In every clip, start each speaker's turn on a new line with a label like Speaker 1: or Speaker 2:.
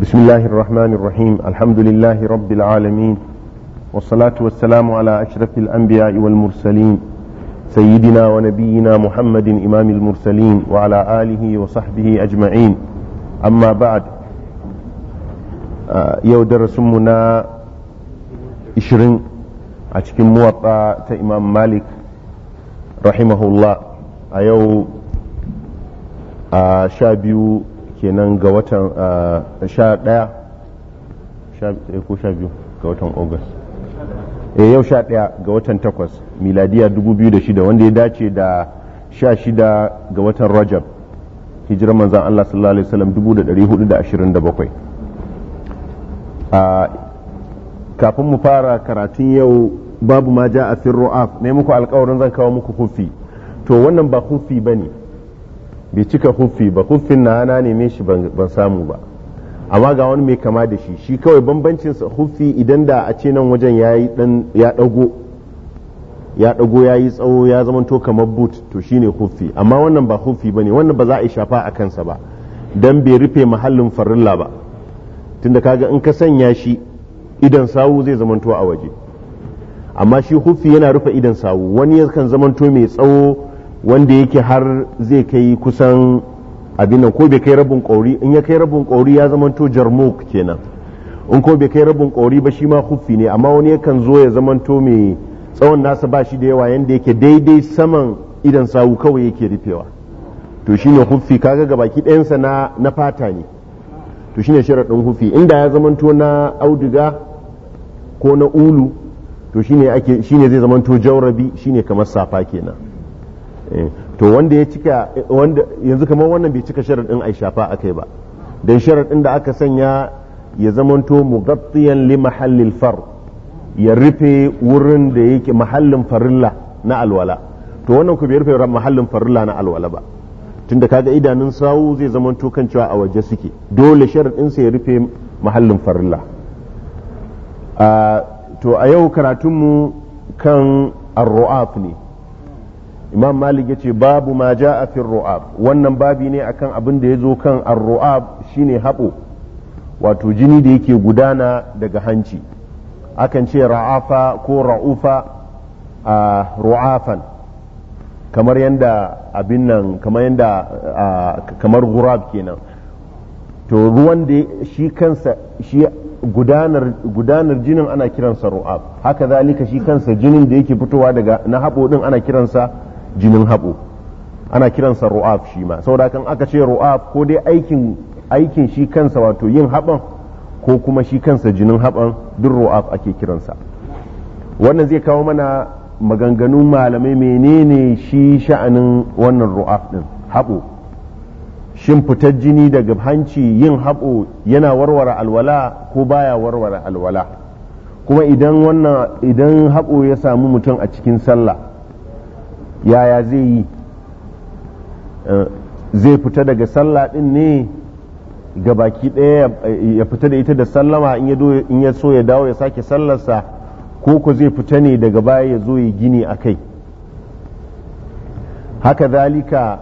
Speaker 1: بسم الله الرحمن الرحيم الحمد لله رب العالمين والصلاة والسلام على أشرف الأنبياء والمرسلين سيدنا ونبينا محمد إمام المرسلين وعلى آله وصحبه أجمعين أما بعد يو درسمنا إشرين أتكم موطأ إمام مالك رحمه الله أيو شابيو kenan ga watan ah, sha ɗaya eh, ko sha biyu ga watan august e yau sha ɗaya ga watan takwas miladiya 2006 wanda ya dace da sha shida ga watan rajab hijirar manzan allah sallallahu alaihi wasallam 1427 ah, kafin mu fara karatun yau babu ma ja a fin ru'af ne muku alkawarin zan kawo muku kufi to wannan ba kufi ba ne bai cika huffi ba huffin na hana neme shi ban samu ba amma ga wani mai kama da shi shi kawai bambancin hufi idan da a ce nan wajen ya dago ya dago ya yi tsawo ya zamanto kamar boot to shine hufi amma wannan ba huffi ne wannan ba za a yi shafa a kansa ba dan bai rufe mahallin farilla ba tunda kaga in ka sanya shi idan sawu zai zamanto a waje amma shi huffi yana rufe idan sawu wani yakan zamanto mai tsawo wanda yake har zai kai kusan abin ko bai kai rabin kauri in ya kai rabin kauri ya zamanto jarmok kenan in ko bai kai rabin kauri ba shi ma hufi ne amma wani yakan zo ya zamanto mai tsawon nasa ba shi da yawa yanda yake daidai saman idan sawu kawai yake rufewa to shine hufi kaga ga baki ɗayansa na na fata ne to shine sharaɗin hufi inda ya to na auduga ko na ulu to shine ake shine zai zamanto jaurabi shine kamar safa kenan Eh, to wanda ya cika wanda yanzu kamar wannan bai cika sharadin a shafa kai ba don sharadin da aka sanya ya zamanto mugattiyan li mahallil far ya rufe wurin da yake mahallin farilla na alwala to wannan ku bai rufe mahallin farilla na alwala ba tunda kaga idanun sawu zai zamanto kan cewa a waje suke dole sharadin sa ya rufe mahallin farilla ah, to a yau karatunmu kan arru'af ne imam malik ya ce babu ma ja a fin ru'ab wannan babi ne akan abin da ya zo kan ar-ru'ab shine haɓo wato jini da yake gudana daga hanci akan ce ra'afa ko ra'ufa a ru'afan kamar yadda abin nan kamar yadda kamar gurab kenan to ruwan da shi kansa shi gudanar gudanar jinin ana kiransa ru'ab haka zalika shi kansa jinin da yake fitowa daga na haɓo din ana kiransa jinin haɓo ana kiransa ru'af shi ma sau kan aka ce ru'af ko dai aikin shi kansa wato yin haɓan ko kuma shi kansa jinin haɓan duk ru'af ake kiransa wannan zai kawo mana maganganu malamai menene shi sha'anin wannan ru'af din haɓo shin fitar jini daga hanci yin haɓo yana warware alwala ko baya warware alwala kuma idan idan haɓo ya samu mutum a cikin sallah yaya zai yi eh, zai fita daga sallah ɗin ne ga baki ɗaya ya fita da ita da sallama in ya so ya dawo ya sake sallarsa ko ko zai fita ne daga baya ya zo ya gini a kai haka zalika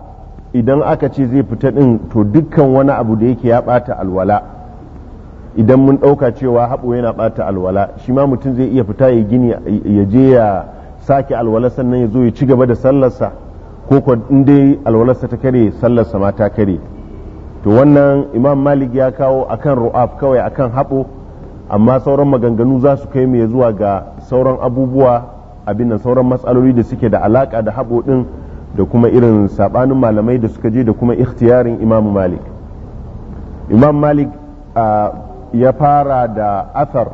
Speaker 1: idan aka ce zai fita din to dukkan wani abu da yake ya bata alwala idan mun ɗauka cewa haɓo yana bata alwala shi ma mutum zai iya fita ya gini ya je ya sake alwala sannan ya zo ya ci gaba da sallarsa ko ko in dai alwalarsa ta kare sallarsa ma ta kare to wannan imam malik ya kawo akan ru'af kawai akan haɓo amma sauran maganganu za su kai mai zuwa ga sauran abubuwa abin nan sauran matsaloli da suke da alaka da haɓo ɗin da kuma irin saɓanin malamai da suka je da kuma ikhtiyarin imam malik imam malik ya fara da athar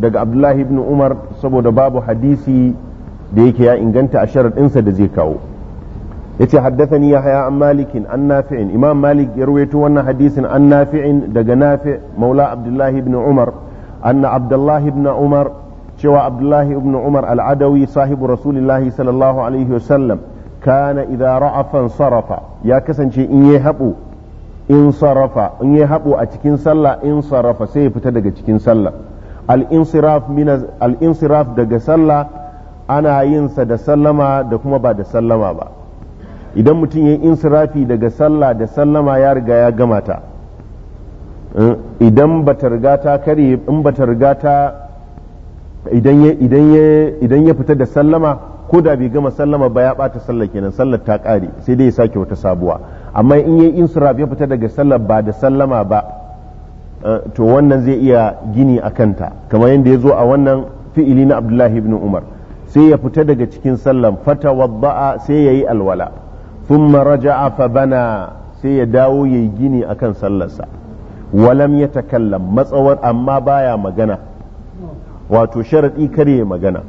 Speaker 1: daga abdullahi ibn umar saboda babu hadisi da yake ya inganta a sharaɗinsa da zai kawo yace haddathani haya an malikin an nafi'in imam malik ya rawaito wannan hadisin an nafi'in daga nafi' maula abdullahi ibn umar anna abdullahi ibn umar cewa abdullahi ibn umar al'adawi sahibu rasulullahi sallallahu alaihi wasallam kana idza ra'afa sarafa ya kasance in yi haɓo in sarafa in yi a cikin sallah in sarafa sai ya fita daga cikin sallah al-insiraf daga sallah ana yin sa da sallama da kuma ba da sallama ba idan mutum ya insirafi daga sallah da sallama ya riga ya gama ta eh, idan bata riga ta kare in bata riga ta idan ya idan ya idan ya fita da sallama ko da bai gama sallama ba ya bata sallar kenan sallar ta kare sai dai ya sake wata sabuwa amma in ya insirafi ya fita daga sallar ba da sallama ba eh, to wannan zai iya gini a kanta kamar yadda ya zo a wannan fi'ili na Abdullahi ibn Umar sai ya fita daga cikin sallan fata wadda'a sai ya yi alwala thumma raja'a fa bana sai ya dawo ya yi gini akan sallarsa walam ya takallam matsawar amma baya magana wato sharaɗi kare magana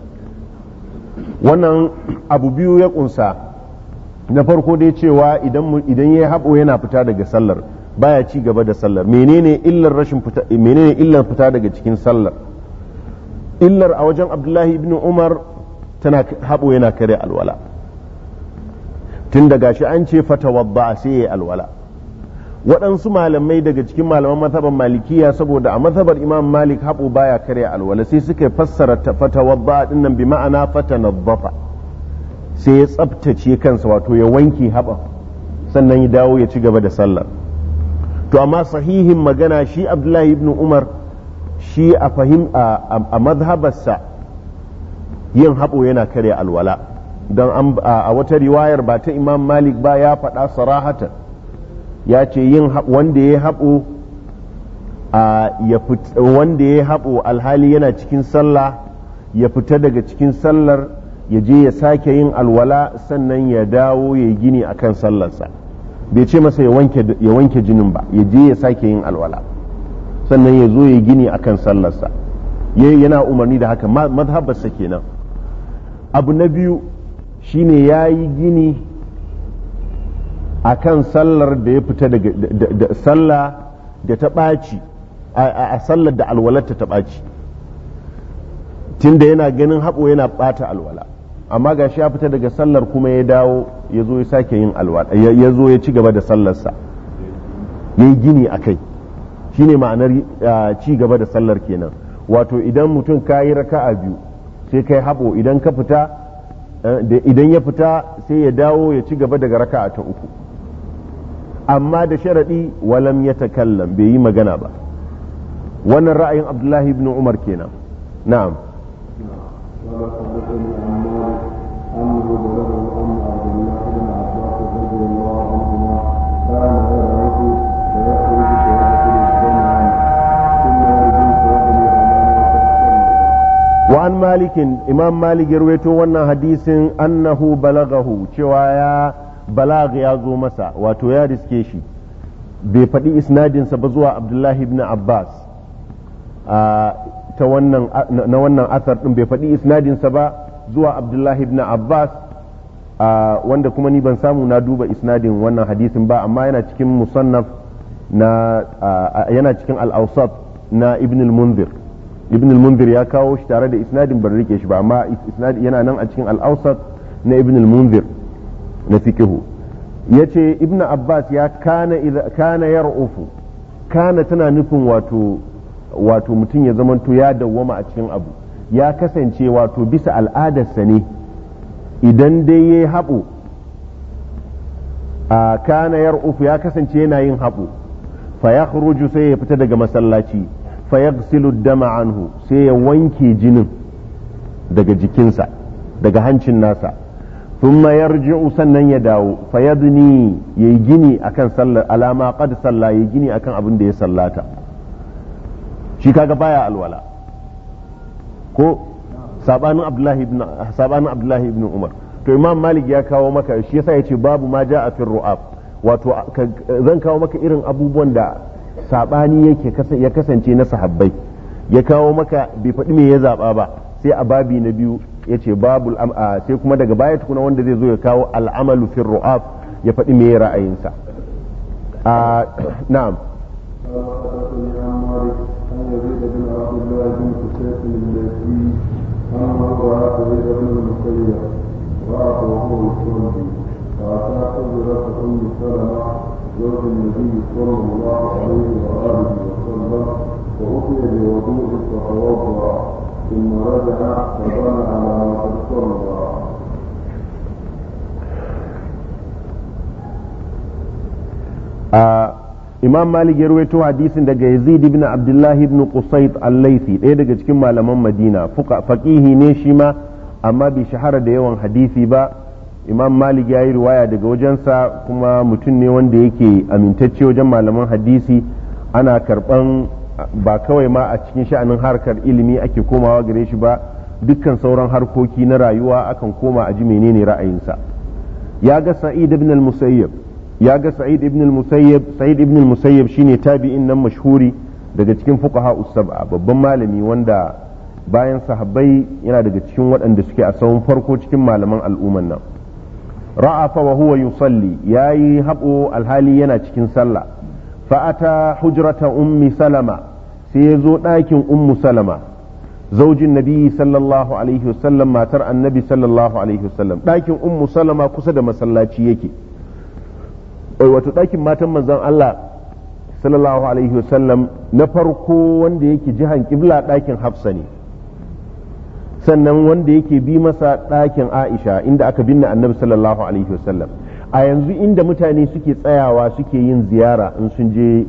Speaker 1: wannan abu biyu ya ƙunsa na farko dai cewa idan ya haɓo yana fita daga sallar baya ci gaba da sallar menene illar rashin fita fita daga cikin sallar illar a wajen abdullahi ibn umar tana haɓo yana kare alwala tun daga shi an ce fata a sai ya alwala waɗansu malamai daga cikin malaman mazhabar malikiya saboda a mazhabar imam malik haɓo baya kare alwala sai suka fassara fata wadda din nan bi ma'ana fata fatanaddafa sai ya tsabtace kansa wato ya wanke haɓa sannan ya dawo ya ci gaba da sallar to amma sahihin magana shi abdullahi ibn umar shi a fahim a mazhabarsa yin haɓo yana karya alwala don a wata riwayar ba ta imam malik ba ya faɗa sarahatan ya ce yin wanda ya haɓo wanda ya haɓo alhali yana cikin sallah ya fita daga cikin sallar ya je ya sake yin alwala sannan ya dawo ya gini akan sallarsa bai ce masa ya wanke jinin ba ya je ya sake yin alwala sannan ya zo ya gini akan sallarsa yana umarni da haka mazhabarsa kenan abu na biyu shine ya yi gini a kan sallar da ya fita da sallah da ta ɓaci a sallar da alwalarta ta ɓaci tunda yana ganin haɓo yana ɓata alwala amma ga shi ya fita daga sallar kuma ya dawo ya zo ya sake yin alwala ya zo ya ci gaba da sallarsa ya yi gini a kai shine ma'anar ci gaba da sallar kenan wato idan mutum ka yi raka'a biyu sai kai haɓo idan ka fita eh, idan ya fita sai ya dawo ya ci gaba daga raka'a ta uku amma da sharaɗi walam ya takallam bai yi magana ba wannan ra'ayin abdullahi ibn umar kenan na'am malikin imam malik ya rawaito wannan hadisin annahu balagahu cewa ya balag ya zo masa wato ya riske shi bai faɗi isnadinsa ba zuwa abdullahi ibn abbas ta wannan na wannan asar ɗin bai faɗi isnadinsa ba zuwa abdullahi ibn abbas wanda kuma ni ban samu na duba isnadin wannan hadisin ba amma yana cikin musannaf na yana cikin al na ibn al-munzir ibn al-mundir ya kawo shi tare da isnadin ban rike shi amma isnad yana nan a cikin al-awsat na ibn al-mundir na fiqhu yace ibn abbas ya kana idha kana yar'ufu kana tana nufin wato wato mutum ya zamanto ya dawwama a cikin abu ya kasance wato bisa al'adarsa ne idan dai ya haɓo a kana yar'ufu ya kasance yana yin haɓo fa ya sai ya fita daga masallaci fa dama anhu sai ya wanke jinin daga jikinsa daga hancin nasa thumma yarji'u sannan ya dawo ni ya yayi gini akan sallar alama qad salla yi gini akan abin da ya sallata shi kaga baya alwala ko sabanin abdullahi ibn umar to imam malik ya kawo maka shi yasa yace babu ma a fin ru'ab wato zan kawo maka irin abubuwan da saɓani yake ya kasance na sahabbai ya kawo maka bai faɗi me ya zaɓa ba sai a babi na biyu ya ce babu sai kuma daga baya tukuna wanda zai zo ya kawo al'amalu fi ru'af ya faɗi me ra'ayinsa na'am
Speaker 2: وأخوه الكندي وأتى قدرة سلمة زوج النبي صلى الله عليه وسلم بوضوء ثم رجع فبنى على ما قد صلى
Speaker 1: Imam Malik ya rawaito hadisin daga Yazid ibn Abdullah ibn Qusayt al-Laythi ɗaya daga cikin malaman Madina fuka faqihi ne shi ma amma bai shahara da yawan hadisi ba imam malik ya yi riwaya daga wajensa kuma mutum ne wanda yake amintacce wajen malaman hadisi ana karban ba kawai ma a cikin sha'anin harkar ilimi ake komawa gare shi ba dukkan sauran harkoki na rayuwa akan koma a ji menene ra'ayinsa ya ga sa'id ibn al-musayyib ya ga sa'id ibn al-musayyib sa'id ibn al-musayyib shine tabi'in nan mashhuri daga cikin fuqaha usaba babban malami wanda bayan sahabbai yana daga cikin waɗanda suke a sahun farko cikin malaman al'umman nan ra'afa wa huwa yusalli yayi habo alhali yana cikin sallah fa ata hujrata ummi salama sai ya zo ɗakin ummu salama zaujin nabi sallallahu alaihi wasallam matar annabi sallallahu alaihi wasallam ɗakin ummu salama kusa da masallaci yake wato ɗakin matan manzon Allah sallallahu alaihi wasallam na farko wanda yake jihan kibla ɗakin hafsa ne sannan wanda yake bi masa ɗakin aisha inda aka binne annabi sallallahu alaihi wasallam a yanzu inda mutane suke tsayawa suke yin ziyara in sun je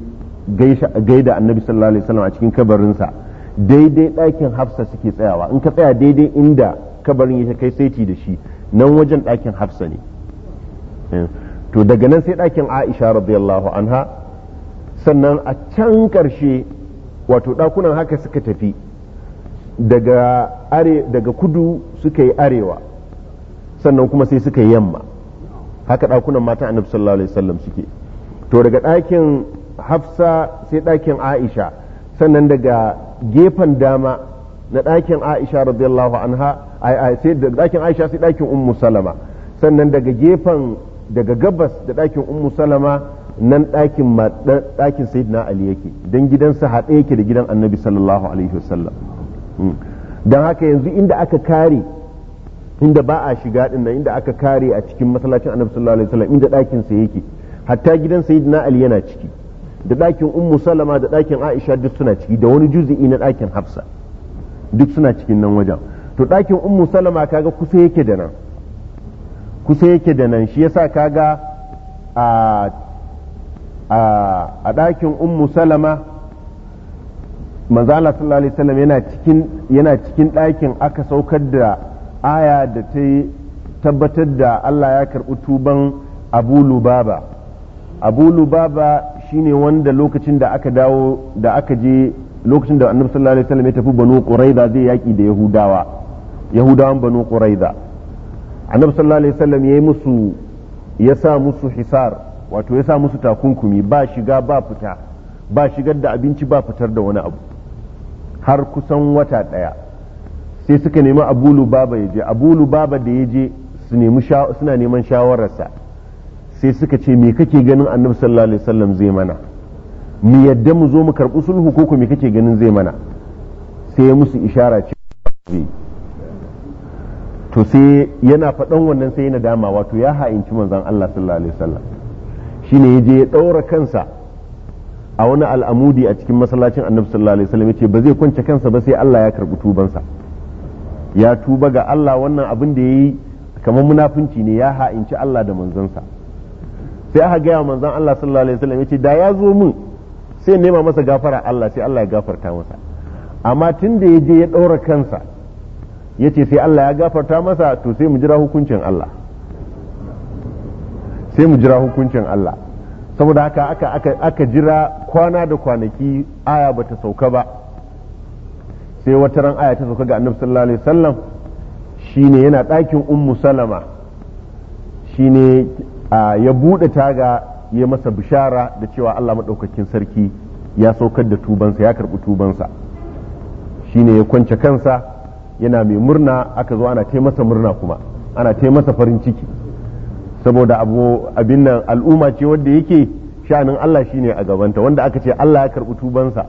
Speaker 1: gaida annabi sallallahu alaihi wasallam a cikin kabarinsa daidai ɗakin hafsa suke tsayawa in ka tsaya daidai inda kabarin ya kai saiti da shi nan wajen ɗakin hafsa ne eh, to daga nan sai ɗakin aisha radiyallahu anha sannan a can karshe wato ɗakunan haka suka tafi daga are daga kudu suka yi arewa sannan kuma sai suka yi yamma haka ɗakunan mata annabi sallallahu alaihi wasallam suke to daga ɗakin hafsa sai ɗakin aisha sannan daga gefen dama na ɗakin aisha radiyallahu anha sai daga ɗakin aisha sai ɗakin ummu salama sannan daga gefen daga gabas da ɗakin ummu salama nan ɗakin ɗakin sayyidina ali yake dan gidansa haɗe yake da gidan annabi sallallahu alaihi wasallam Mm. don haka yanzu inda aka kare inda ba a shiga din nan inda aka kare a cikin masallacin annabi sallallahu alaihi wasallam inda ɗakin sa yake hatta gidan sayyidina ali yana ciki da ɗakin ummu salama da ɗakin aisha duk suna ciki da wani juzi'i na ɗakin hafsa duk suna cikin nan wajen to ɗakin ummu salama kaga kusa yake da nan kusa yake da nan shi yasa kaga a a ɗakin ummu salama manzala sallallahu alaihi wasallam yana cikin yana cikin ɗakin aka saukar da aya da ta tabbatar da Allah ya karɓi tuban Abu Lubaba Abu Lubaba shine wanda lokacin da aka dawo da aka je lokacin da Annabi sallallahu alaihi wasallam ya tafi Banu Quraiza zai yaki da Yahudawa Yahudawan Banu Quraiza Annabi sallallahu alaihi wasallam ya musu ya sa musu hisar wato ya sa musu takunkumi ba shiga ba fita ba shigar da abinci ba fitar da wani abu har kusan wata ɗaya sai suka nemi abulu baba ya je abulu baba da ya je suna neman shawararsa sai suka ce me kake ganin annabi sallallahu alaihi wasallam zai mana mu yadda mu zo mu karɓi sulhu ko ku me kake ganin zai mana sai ya musu ishara ce to sai yana faɗan wannan sai yana dama wato ya ha'inci manzon Allah sallallahu alaihi wasallam shine ya je ya ɗaura kansa a wani al'amudi a cikin masallacin annabi sallallahu alaihi wasallam yace ba zai kwance kansa ba sai Allah ya karbi tubansa ya tuba ga Allah wannan abin da yayi kamar munafunci ne ya ha'inci Allah da manzansa sai aka gaya manzon Allah sallallahu alaihi wasallam yace da ya zo min sai nema masa gafara Allah sai Allah ya gafarta masa amma tun da ya je ya ɗaura kansa yace sai Allah ya gafarta masa to sai mu jira hukuncin Allah sai mu jira hukuncin Allah saboda haka aka, jira kwana da kwanaki aya ba ta sauka ba sai wata ran aya ta sauka ga annabi sallallahu alaihi wasallam shine yana ɗakin ummu salama shine ya buɗe taga ya masa bishara da cewa Allah maɗaukakin sarki ya saukar da tubansa ya karɓi tubansa shine ya kwance kansa yana mai murna aka zo ana taimasa murna kuma ana masa farin ciki saboda abin nan al'umma ce wanda yake sha'anin Allah shine a gabanta wanda aka ce Allah ya karɓi tubansa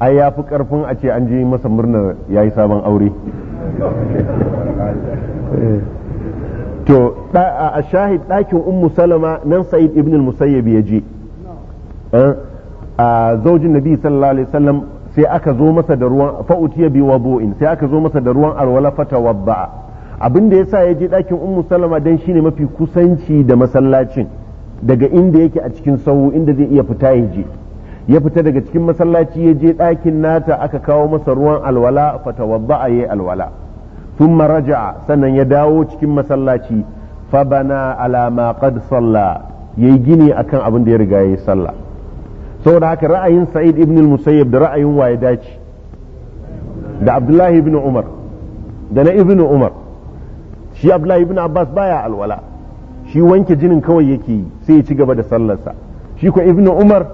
Speaker 1: ai ya fi ƙarfin a ce an je masa murnar ya yi sabon aure to a shahid ɗakin ummu salama nan sa'id ibn al ya je a zaujin nabi sallallahu alaihi wasallam sai aka zo masa da ruwan fa'utiya bi sai aka zo masa da ruwan alwala fata wabba'a abin da yasa ya je ɗakin ummu salama dan shine mafi kusanci da masallacin daga inda yake a cikin sahu inda zai iya fita ya je ya fita daga cikin masallaci ya je ɗakin nata aka kawo masa ruwan alwala a yi alwala thumma raja'a sannan ya dawo cikin masallaci fa bana ala ma qad salla yayi gini akan abin da ya riga yayi sallah saboda haka ra'ayin sa'id ibn al-musayyib da ra'ayin waye dace da abdullahi ibn umar da na ibn umar shi abdullahi ibn abbas baya alwala shi wanke jinin kawai yake yi sai ya ci gaba da sallarsa shi ko ibn umar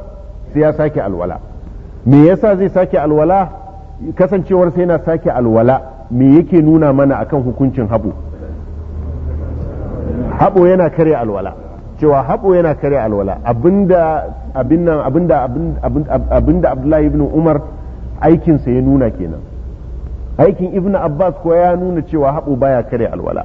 Speaker 1: sai ya sake alwala me yasa zai sake alwala kasancewar sai yana sake alwala me yake nuna mana akan hukuncin habo habo yana kare alwala cewa habo yana kare alwala abinda abinda abinda abinda abdullahi ibn umar aikinsa ya nuna kenan aikin ibn abbas ko ya nuna cewa haɓo baya kare alwala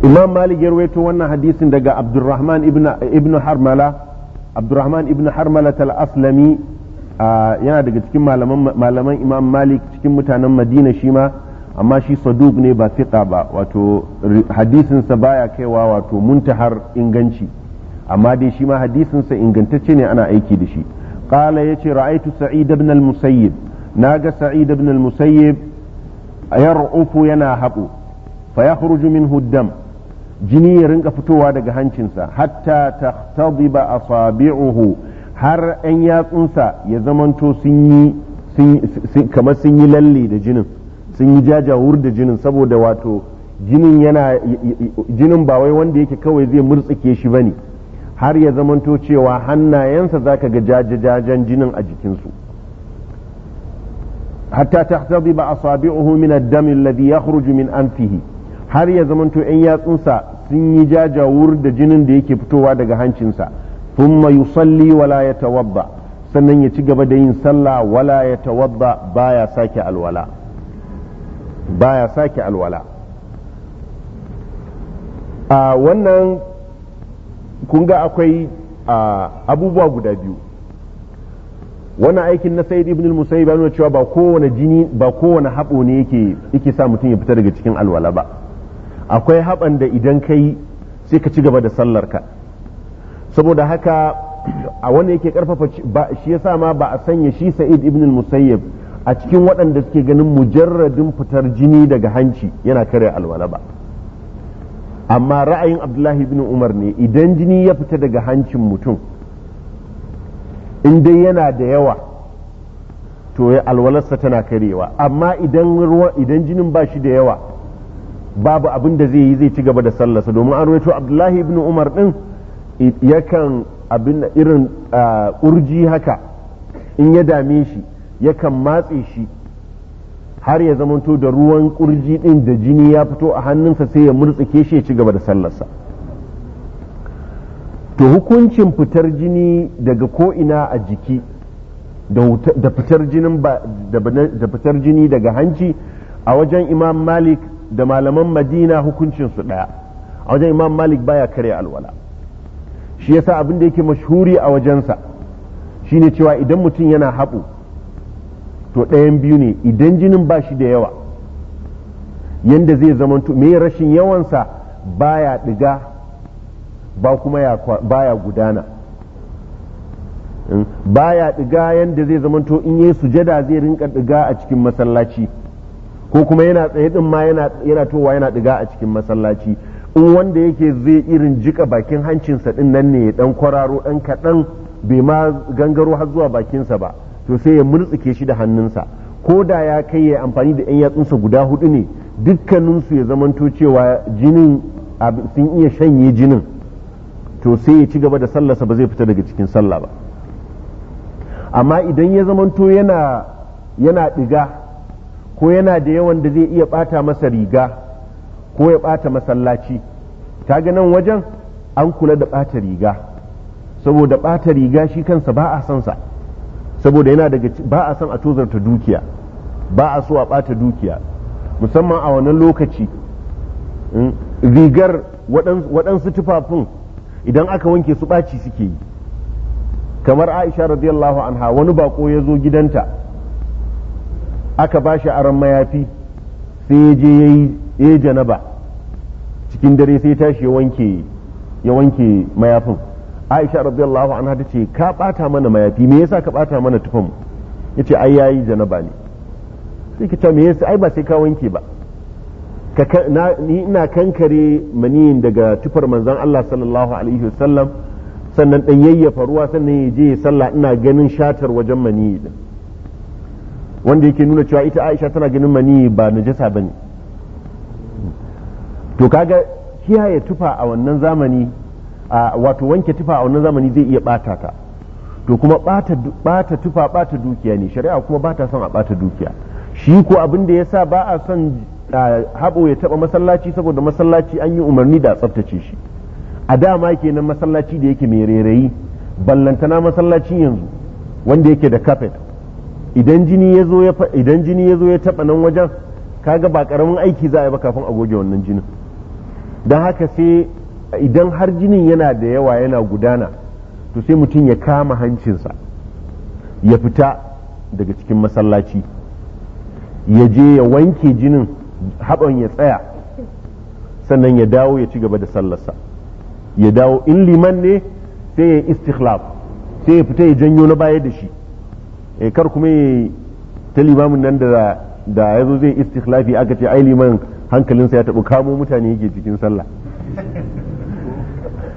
Speaker 1: Imam Malik ya rawaito wannan hadisin daga Abdurrahman ibn Harmala Abdurrahman ibn Harmala al-Aslami yana daga cikin malaman Imam Malik cikin mutanen Madina shi ma amma shi saduk ne ba fiqa ba wato hadisinsa baya kaiwa wato muntahar inganci amma dai shi ma hadisin sa ingantacce ne ana aiki da shi qala yace ra'aitu sa'id ibn al-musayyib naga sa'id ibn al-musayyib yar'ufu yana habu fa yakhruju minhu ad-dam jini ya rinka fitowa daga hancinsa hatta tahtadiba asabi'uhu har 'yan yatsunsa ya zamanto sun kamar sun yi lalle da jinin sun yi jajawur da jinin saboda wato jinin yana jinin ba wai wanda yake kawai zai murtsike shi bane har ya zamanto cewa hannayensa za ka ga jajajajen jinin a jikinsu hatta ta tabi ba a sabi'uhu min alladhi yakhruju min anfihi har ya zamanto yan yatsunsa sun yi jajawur da jinin da yake fitowa daga hancinsa thumma yusalli wala yatawabba sannan ya ci gaba da yin sallah wala yatawabba baya sake alwala baya sake alwala a wannan kun ga akwai abubuwa guda biyu wannan aikin na sayyid ibn al-musayyib ya nuna cewa ba kowane jini ba kowane haɓo ne yake yake sa mutum ya fita daga cikin alwala ba akwai haɓan da idan kai sai ka ci gaba da sallar ka saboda haka a wanda yake karfafa shi yasa ma ba a sanya shi sa'id ibn al-musayyib a cikin waɗanda suke ganin mujarradin fitar jini daga hanci yana karya alwala ba amma ra'ayin abdullahi bin umar ne idan jini ya fita daga hancin mutum in dai yana da yawa to ya alwalarsa tana karewa amma idan jinin ba shi da yawa babu abin da zai yi zai ci gaba da sallarsa domin an rawaito abdullahi bin umar din yakan abin irin ah, urji haka in ya dame shi yakan matse shi har ya zamanto da ruwan ƙurji ɗin da jini ya fito a hannunsa sai ya murtsike shi ya ci gaba da sallarsa to hukuncin fitar jini daga ko'ina a jiki da fitar jini daga hanci a wajen imam malik da malaman madina hukuncin su ɗaya a wajen imam malik baya karya alwala shi yasa abin da yake mashuri a wajensa shine cewa idan mutum yana haɓu to ɗayan biyu ne idan jinin ba shi da yawa yadda zai zamanto mai rashin yawansa baya ɗiga ba kuma ya baya gudana hmm? baya ɗiga yadda zai zamanto in yi sujada zai rinka ɗiga a cikin masallaci ko kuma yana tsaye ɗin ma yana towa yana ɗiga a cikin masallaci in wanda yake zai irin jika bakin hancinsa ɗin nan ne ɗan kwararo ɗan kaɗan bai ma gangaro har zuwa bakinsa ba to sai ya murtsike shi da hannunsa ko da ya kai ya amfani da 'yan yatsunsa guda hudu ne dukkaninsu ya zamanto cewa jinin sun iya shanye jinin to sai ya ci gaba da sallarsa ba zai fita daga cikin sallah ba amma idan ya zamanto yana yana ɗiga ko yana da yawan da zai iya ɓata masa riga ko ya ɓata masallaci ta nan wajen an kula da ɓata riga saboda ɓata riga shi kansa ba a sansa sa saboda yana daga ba a san a tozarta dukiya ba a so a ɓata dukiya musamman a wannan lokaci mm, rigar waɗansu tufafin idan aka wanke su ɓaci suke yi kamar aisha radiyallahu anha wani bako ya zo gidanta aka ba shi aron mayafi sai ya je ya yi janaba cikin dare sai tashi ya wanke mayafin aisha radiyallahu anha ta ce ka bata mana mayafi me yasa ka bata mana tufan mu yace ai yayi janaba ne sai ki ta me yasa ai ba sai ka wanke ba ka ni ina kankare maniyin daga tufar manzon Allah sallallahu alaihi wasallam sannan dan yayyafa ruwa sannan ya je sallah ina ganin shatar wajen maniyi din wanda yake nuna cewa ita Aisha tana ganin maniyi ba najasa bane to kaga kiyaye tufa a wannan zamani wato wanke tufa a wannan zamani zai iya bata ta to kuma bata tufa bata dukiya ne shari'a kuma bata son a bata dukiya shi ko abin da ya sa ba a son haɓo ya taɓa masallaci saboda masallaci an yi umarni da tsaftace shi a dama kenan masallaci da yake mai rairayi ballantana masallaci yanzu wanda yake da kafet idan jini ya zo ya idan taɓa nan wajen kaga ba karamin aiki za a yi ba kafin a goge wannan jinin don haka sai idan har jinin yana da yawa yana gudana to sai mutum ya kama hancinsa ya fita daga cikin masallaci ya je ya wanke jinin haɓon ya tsaya sannan ya dawo ya ci gaba da sallarsa ya dawo in liman ne sai ya istikhlaf sai ya fita ya janyo na baya da shi eh, kar kuma ya ta limamin nan da ya zo zai istikhlafi aka ce ai liman hankalinsa ya taɓa kamo mutane yake cikin sallah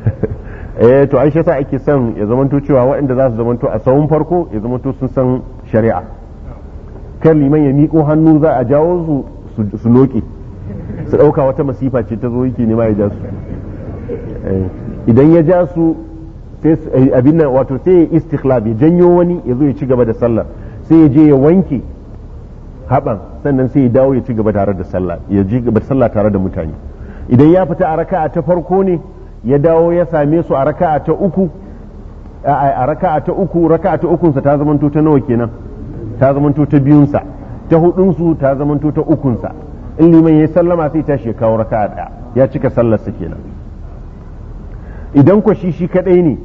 Speaker 1: eh to ai yasa ake son ya zamanto cewa waɗanda za su zamanto a tsawon farko ya zamanto sun san shari'a kan liman ya miƙo hannu za a jawo su su loƙe su ɗauka wata masifa ce ta zo yake nema ya ja su eh, idan ya ja su eh, abin nan wato sai ya istiklab ya janyo wani ya zo ya ci gaba da sallah sai ya je ya wanke haɓan sannan sai ya dawo ya ci gaba tare da sallah tare da mutane idan ya fita a raka'a ta farko ne ya dawo ya same su a raka'a ta uku a raka'a ta uku raka'a ta ukunsa ta zamanto ta nawa kenan ta zamanto ta biyunsa ta hudunsu ta zamanto ta ukunsa in liman ya sallama sai tashi ya kawo raka'a ɗaya ya cika sallar sallarsa kenan idan ko shi shi kadai ne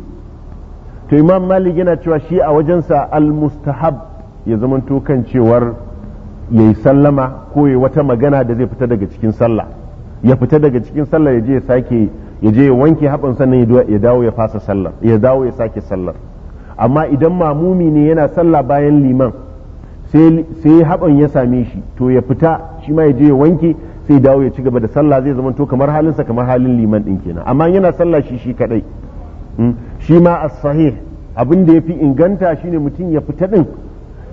Speaker 1: to imam malik yana cewa shi a wajensa al-mustahab ya zamanto kan cewar yayi sallama ko ya wata magana da zai fita daga cikin sallah ya fita daga cikin sallah ya je ya sake ya je ya wanke haɓan sannan ya dawo ya fasa sallar ya dawo ya sake sallar amma idan mamumi ne yana sallah bayan liman sai haɓan ya same shi to ya fita shi ma ya je ya wanke sai dawo ya ci gaba da sallah zai zama to kamar halinsa kamar halin liman ɗin kenan amma yana sallah shi shi kaɗai hmm? shi ma as sahih abin da ya fi inganta shine mutum ya fita ɗin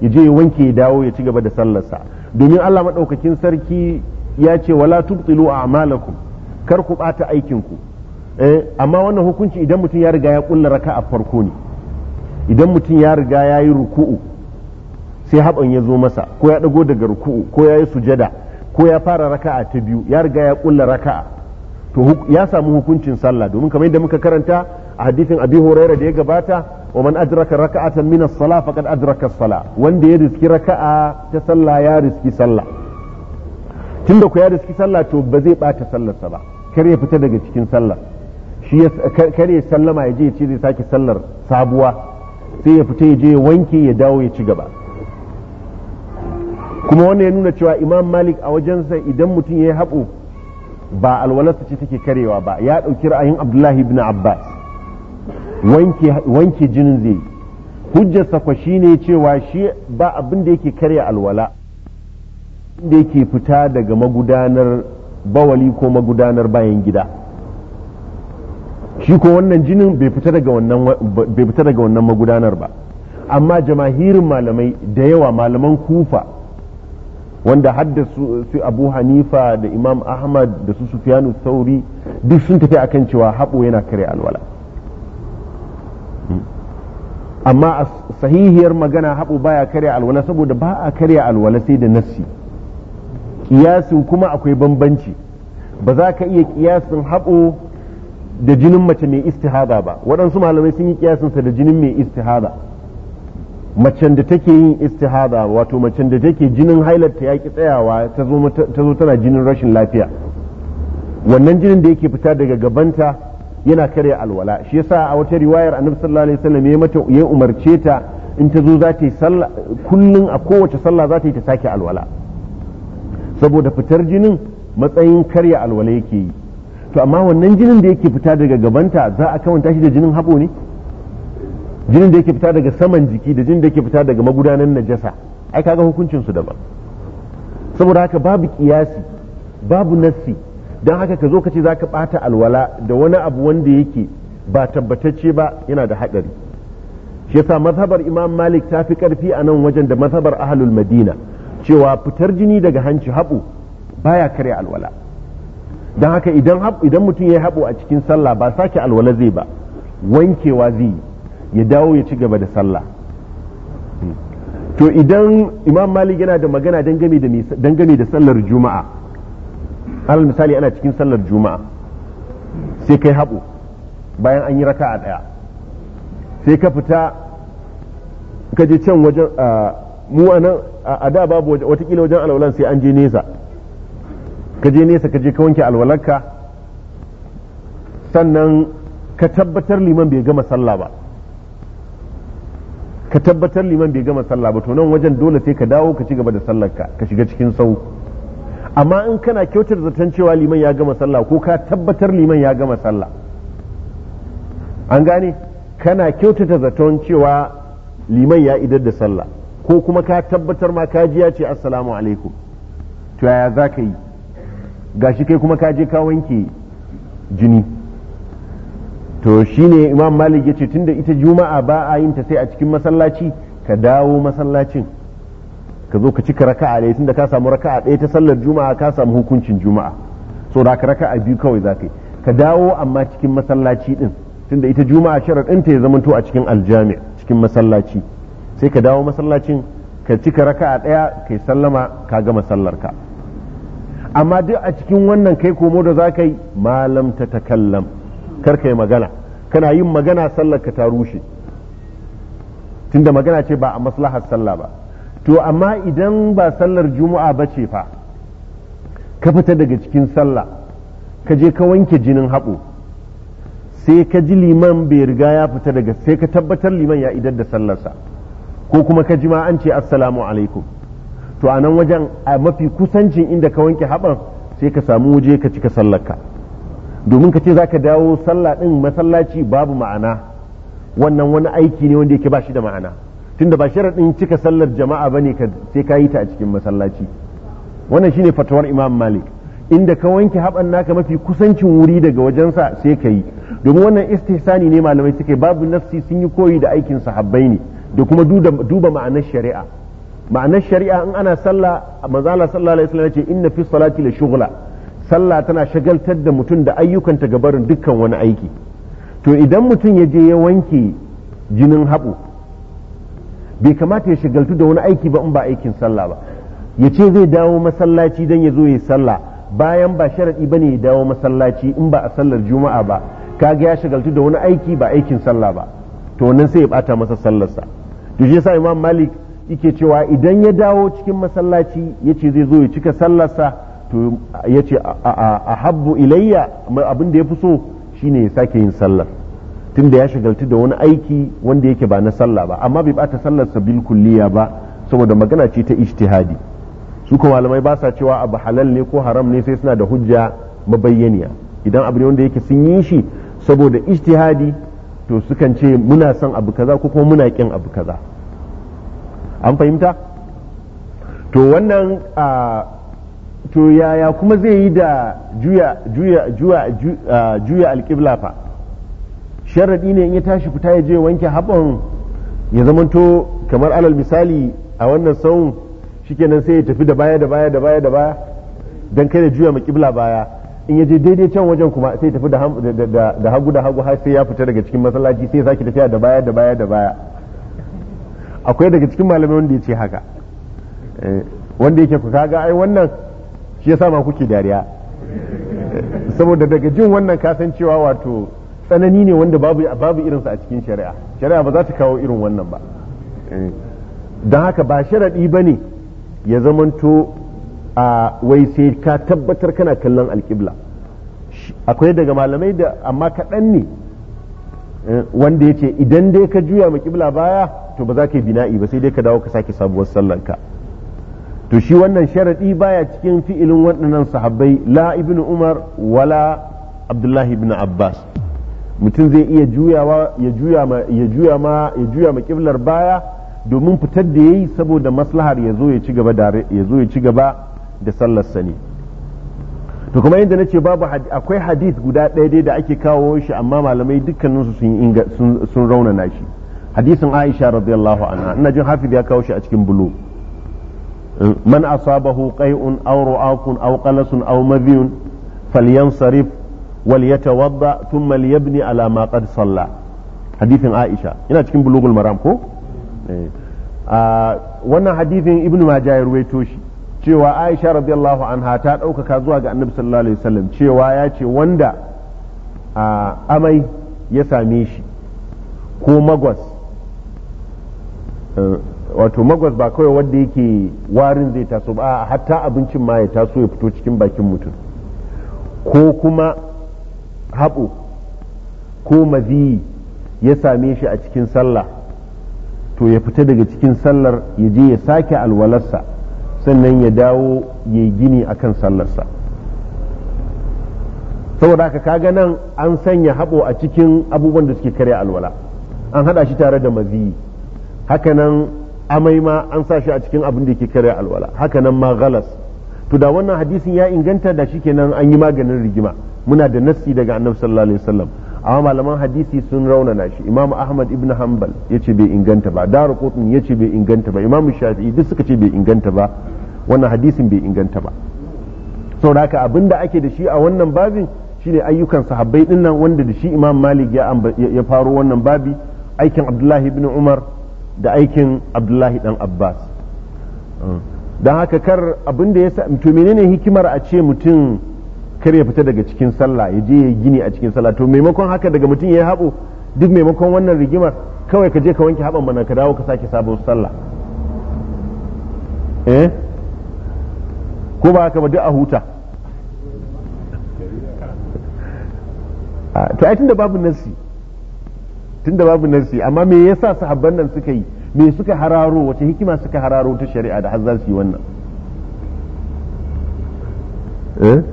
Speaker 1: ya je ya wanke ya dawo ya ci gaba da sallarsa domin Allah maɗaukakin sarki ya ce wala tubtilu a'malakum kar ku ɓata aikinku Eh, amma wannan hukunci idan mutum ya riga ya kulla raka a farko ne idan mutum ya riga ya yi ruku'u sai haɓan ya zo masa ko ya ɗago daga ruku'u ko ya yi sujada ko ya fara raka'a ta biyu ya riga ya kulla raka'a to ya samu hukuncin sallah domin kamar yadda muka karanta a hadisin abi huraira da ya gabata wa man adraka raka'atan min as-salah faqad adraka as-salah wanda ya riski raka'a ta sallah ya riski sallah tunda ku ya riski sallah to ba zai bata sallarsa ba kar ya fita daga cikin sallah shi kare sallama ya je ya ce zai sake sallar sabuwa sai ya fita ya je ya wanke ya dawo ya ci gaba kuma wannan ya nuna cewa imam malik a wajensa idan mutum ya yi haɓo ba alwalarsa ce take karewa ba ya ɗauki ra'ayin abdullahi ibn abbas wanke jinin zai hujjarsa kwa shi ne cewa shi ba abin da yake karya alwala da yake fita daga magudanar bawali ko magudanar bayan gida shi ko wannan jinin bai fita daga wannan magudanar ba amma jamahirin malamai da yawa malaman kufa wanda haddasa abu hanifa da imam ahmad da su sufyanu sauri duk sun tafi akan cewa haɓo yana kare alwala amma a sahihiyar magana haɓo baya kare alwala saboda ba a kare alwala sai da nassi kiyasin kuma akwai bambanci ba za ka iya ƙiyasin haɓo da jinin mace mai istihada ba waɗansu malamai sun yi kiyasinsa da jinin mai istihada macen da take yin istihada wato macen da take jinin hailarta ya ki tsayawa ta zo tana jinin rashin lafiya wannan jinin da yake fita daga gabanta yana karya alwala shi yasa a wata riwayar annabi sallallahu alaihi wasallam ya mata ya umarce ta in ta zo za ta yi sallah kullun a kowace sallah za ta yi ta sake alwala saboda fitar jinin matsayin karya alwala yake yi to amma wannan jinin da yake fita daga gabanta za a kawanta shi da jinin haɓo ne jinin da yake fita daga saman jiki da jinin da yake fita daga magudanan najasa ai kaga hukuncin su daban saboda haka babu kiyasi babu nassi dan haka ka zo ka ce za ka ɓata alwala da wani abu wanda yake ba tabbatacce ba yana da haɗari shi yasa mazhabar imam malik ta fi ƙarfi a nan wajen da mazhabar ahlul madina cewa fitar jini daga hanci haɓo baya karya alwala don haka idan mutum ya haɓo a cikin sallah ba sake alwala zai ba wankewa zai yi ya dawo ya ci gaba da sallah hmm. to idan imam malik yana da magana dangane da sallar juma'a alal misali ana cikin sallar juma'a sai kai haɓo bayan an yi raka a ɗaya sai ka fita ka can wajen mu a a da babu watakila wajen alwalan sai an je nesa ka je nesa ka je ka wanke alwalarka sannan ka tabbatar liman bai gama sallah ba ka tabbatar liman bai gama sallah ba to nan wajen dole sai ka dawo ka ci gaba da sallarka ka shiga cikin sau amma in kana kyautar zaton cewa liman ya gama sallah ko ka tabbatar liman ya gama sallah an gane kana kyautata zaton cewa liman ya idar da sallah ko kuma ka tabbatar ma ka ji ya ce assalamu alaikum to yaya za ka yi gashi kai kuma ka je ka wanke jini to shine imam malik ya ce tunda ita juma'a ba a yin ta sai a cikin masallaci ka dawo masallacin ka zo ka cika raka'a ɗaya tunda ka samu raka'a ɗaya ta sallar juma'a ka samu hukuncin juma'a so da ka raka'a biyu kawai za ka ka dawo amma cikin masallaci din tunda ita juma'a din ta ya zamanto a cikin aljami cikin masallaci sai ka dawo masallacin ka cika raka'a ɗaya kai sallama ka gama sallar ka amma duk a cikin wannan kai komo da za ka yi malam ta takallam kar ka yi magana kana yin magana sallar ka ta rushe tunda magana ce ba a maslahar sallah ba to amma idan ba sallar juma'a ba ce fa ka fita daga cikin sallah ka je ka wanke jinin haɓo sai ka ji liman bai riga ya fita daga sai ka tabbatar liman ya idar da sallarsa ko kuma ka ji ma an ce assalamu alaikum to a nan wajen a mafi kusancin inda ka wanke haɓar sai ka samu waje ka cika sallarka domin ka ce za ka dawo sallah ɗin masallaci babu ma'ana wannan wani aiki ne wanda yake ba shi da ma'ana tunda ba sharaɗin cika sallar jama'a ba ne sai ka yi ta a cikin masallaci wannan shine fatawar imam malik inda ka wanke haɓar naka mafi kusancin wuri daga wajensa sai ka yi domin wannan istihsani ne malamai suke babu nafsi sun yi koyi da aikin sahabbai ne da kuma duba ma'anar shari'a ma'anar shari'a in ana sallah manzo Allah sallallahu alaihi wasallam ya ce inna fi salati la shughla sallah tana shagaltar da mutum da ayyukan ayyukanta gabarin dukkan wani aiki to idan mutum ya je ya wanke jinin habu bai kamata ya shagaltu da wani aiki ba in ba aikin sallah ba ya ce zai dawo masallaci dan ya zo ya sallah bayan ba sharaɗi ba ne ya dawo masallaci in ba a sallar juma'a ba kaga ya shagaltu da wani aiki ba aikin sallah ba to wannan sai ya bata masa sallarsa to shi yasa imam malik yake cewa idan ya dawo cikin masallaci ya ce zai zo ya cika sallarsa to ya ce a habbu ilayya abin da ya fi so shi ne ya sake yin sallar tunda ya shagaltu da wani aiki wanda yake ba na sallah ba amma bai bata sallarsa bil kulliya ba saboda magana ce ta ijtihadi su kuma malamai ba sa cewa abu halal ne ko haram ne sai suna da hujja mabayyaniya idan abu ne wanda yake sun yi shi saboda ijtihadi to sukan ce muna son abu kaza ko kuma muna kin abu kaza an fahimta to wannan to yaya kuma zai yi da juya juya alƙibla fa sharaɗi ne in ya tashi fita ya je wanke haɓon ya zamanto kamar alal misali a wannan sauyin shikenan sai ya tafi da baya da baya da baya da baya dan kai da juya ma ƙibla baya in ya je daidai can wajen kuma sai tafi da hagu da hagu har sai ya fita daga cikin masallaci sai ya sake tafiya da baya da baya da baya akwai daga cikin malamai wanda ya ce haka eh, wanda yake ku kaga ai wannan shi yasa ma kuke dariya eh, saboda daga jin wannan kasan cewa wato tsanani ne wanda babu babu irinsa a cikin shari'a shari'a ba za ta kawo irin wannan ba eh, don haka ba sharaɗi ba ne ya zamanto a wai sai ka tabbatar kana kallon alƙibla akwai daga malamai da amma kaɗan ne wanda ya ce idan dai ka juya ma ƙibla baya to ba za ka yi bina'i ba sai dai ka dawo ka sake sabuwar sallanka to shi wannan sharadi baya cikin fi'ilin waɗannan sahabbai la ibnu umar wala abdullahi ibn abbas mutum zai iya juyawa ya juya ma ya juya ma ya juya ma kiblar baya domin fitar da yayi saboda maslahar ya zo ya ci gaba da ya zo ya ci gaba da sallar sani to kuma inda nace babu akwai hadith guda ɗaya dai da ake kawo shi amma malamai dukkaninsu sun sun raunana shi hadisin aisha radiyallahu anha ina jin hafiz ya kawo shi a cikin bulu eh, man asabahu qai'un aw ru'akun aw qalasun aw madhiyun falyansarif waliyatawadda thumma liyabni ala ma qad salla hadisin aisha ina cikin bulugul maram ko eh, wannan hadisin ibnu majah ya ruwaito shi cewa aisha radiyallahu anha ta ɗaukaka zuwa ga annabi sallallahu alaihi wasallam cewa ya ce wanda amai ya same shi ko magwas Eh, wato magwas ba kawai wanda yake warin zai taso ba hatta abincin ma ya taso ya fito cikin bakin mutum ko kuma haɓo ko maziyi ya same shi a cikin sallah to ya fita daga cikin sallar ya je ya sake alwalarsa sannan ya dawo ya yi gini akan sallarsa saboda haka kaga nan an sanya haɓo a cikin abubuwan da suke karya alwala an haɗa shi tare da maziyi hakanan amai ma an sa shi a cikin abin da ke karya alwala hakanan ma galas to da wannan hadisin ya inganta da shi kenan an yi maganin rigima muna da nassi daga annabi sallallahu alaihi wasallam amma malaman hadisi sun raunana shi imam ahmad ibn hanbal ya ce bai inganta ba daruqutni ya ce bai inganta ba imam shafi'i duk suka ce bai inganta ba wannan hadisin bai inganta ba saboda haka abinda ake da shi a wannan babin shine ayyukan sahabbai dinnan wanda da shi imam malik ya ya faro wannan babi aikin abdullahi ibn umar da aikin abdullahi dan abbas mm. don haka kar abin da ya sa to menene hikimar a ce mutum kar ya fita daga cikin sallah ya je ya gini a cikin sallah to maimakon haka daga mutum ya haɓo duk maimakon wannan rigimar kawai ka je ka wanke haɓon mana ka dawo ka sake sabon sallah eh ko ba haka ba duk a huta ah, to ai da babu nasi tunda babu narsi amma me yasa sahabban nan suka yi me suka hararo wace hikima suka hararo ta shari'a da har za su yi wannan eh?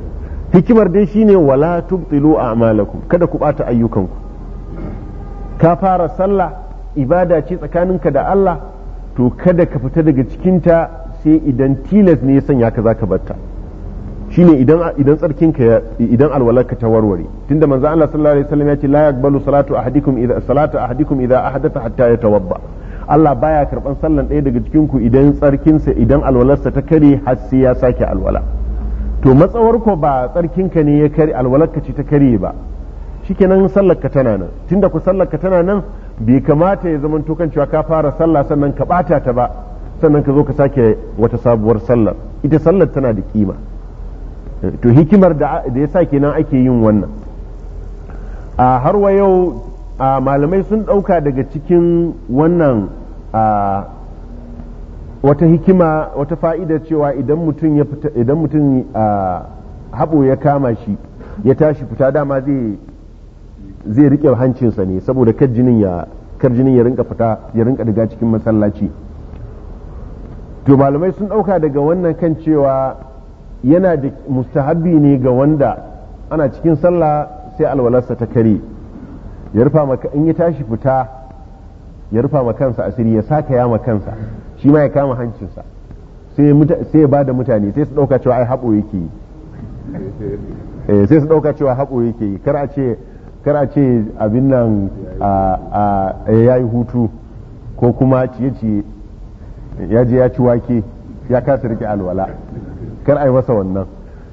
Speaker 1: hikimar dai shine wala tubtilu a'malakum kada ku bata ku ka fara sallah ibada ce tsakaninka da Allah to kada ka fita daga cikinta sai idan tilas ne ya sanya ka zaka batta shine idan idan tsarkin ka idan alwalarka ta warware tunda manzo Allah sallallahu alaihi wasallam ya ce la yaqbalu salatu ahadikum idza salatu ahadikum idza ahadatha hatta yatawadda Allah baya karban sallan ɗaya daga cikin ku idan tsarkin sa idan alwalarsa ta kare har sai ya sake alwala to matsawar ko ba tsarkin ka ne ya kare alwalarka ce ta kare ba shikenan sallar ka tana nan tunda ku sallar ka tana nan bai kamata ya zama to kan cewa ka fara sallah sannan ka bata ta ba sannan ka zo ka sake wata sabuwar sallar ita sallar tana da kima to hikimar da ya sa kenan ake yin wannan a har wa yau malamai sun ɗauka daga cikin wannan wata hikima wata fa'ida cewa idan mutum ya haɓo ya kama shi ya tashi fita dama zai riƙe hancinsa ne saboda kar jinin ya kar jinin ya rinka fita ya rinka daga cikin masallaci to malamai sun ɗauka daga wannan kan cewa yana da mustahabbi ne ga wanda ana cikin sallah sai alwalarsa ta kare ya rufa maka in ya tashi fita ya rufa ma kansa asiri ya saka ya ma kansa shi ma ya kama hancinsa sai ya ba da mutane sai su dauka cewa ai haɓo yake yi eh, sai su dauka cewa haɓo yake yi kar a ce kar a ce abin nan eh, ya yi hutu ko kuma ciye-ciye ya je ya ci wake ya kasa rike alwala kar a yi masa wannan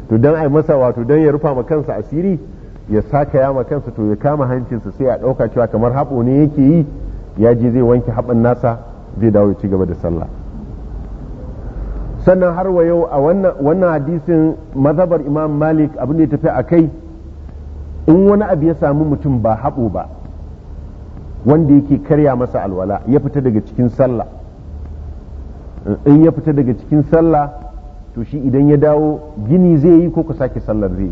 Speaker 1: to dan a yi masa wato dan ya rufa ma kansa asiri ya saka ya ma kansa to ya kama hancinsa sai a ɗauka cewa kamar haɓo ne yake yi ya je zai wanke haɓin nasa zai dawo ya ci gaba da sallah sannan har wa yau a wannan hadisin mazhabar imam malik abin da ya tafi a kai in wani abu ya samu mutum ba haɓo ba wanda yake karya masa alwala ya fita daga cikin sallah in ya fita daga cikin sallah to shi idan ya dawo gini zai yi ko ku sake sallar zai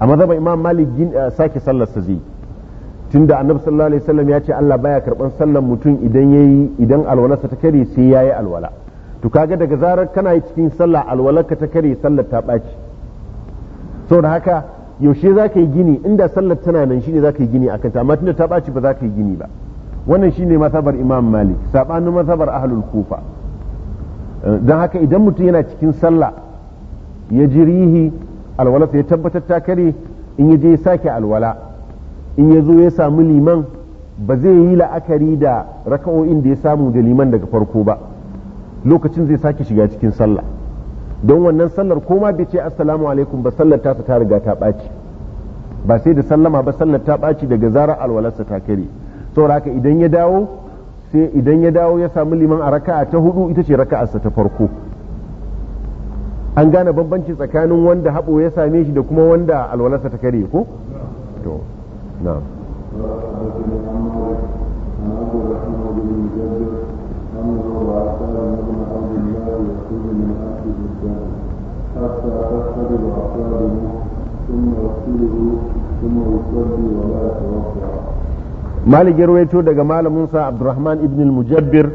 Speaker 1: a mazhaban imam malik eh, sake sallar sa zai tunda annabi sallallahu alaihi wasallam ya ce Allah baya karban sallar mutum idan yayi idan alwalarsa ta kare sai yayi alwala to kaga daga zarar kana yi cikin sallah alwalarka ta kare sallar ta baci saboda haka yaushe za ka yi gini inda sallar tana nan shine za ka yi gini akan ta amma tunda ta baci ba za ka yi gini ba wannan shine mazhabar imam malik sabanin mazhabar ahlul kufa don haka idan mutum yana cikin sallah ya ji rihi alwala ya tabbatar ta kare in ya je ya sake alwala in ya zo ya samu liman ba zai yi la'akari da raka'o'in da ya samu da liman daga farko ba lokacin zai sake shiga cikin sallah don wannan sallar koma bai ce assalamu alaikum ba sallar ta ta riga ta ɓaci ba sai da sallama ba sallar ta ɓaci daga zarar alwalarsa ta kare saboda haka idan ya dawo sai idan ya dawo ya samu liman a raka'a ta hudu ita ce raka'arsa ta farko an gane bambanci tsakanin wanda haɓo ya same shi da kuma wanda alwalarsa ta kare ko to na ثم يصلي ولا malik ya daga malamin sa abdurrahman ibn al-mujabbir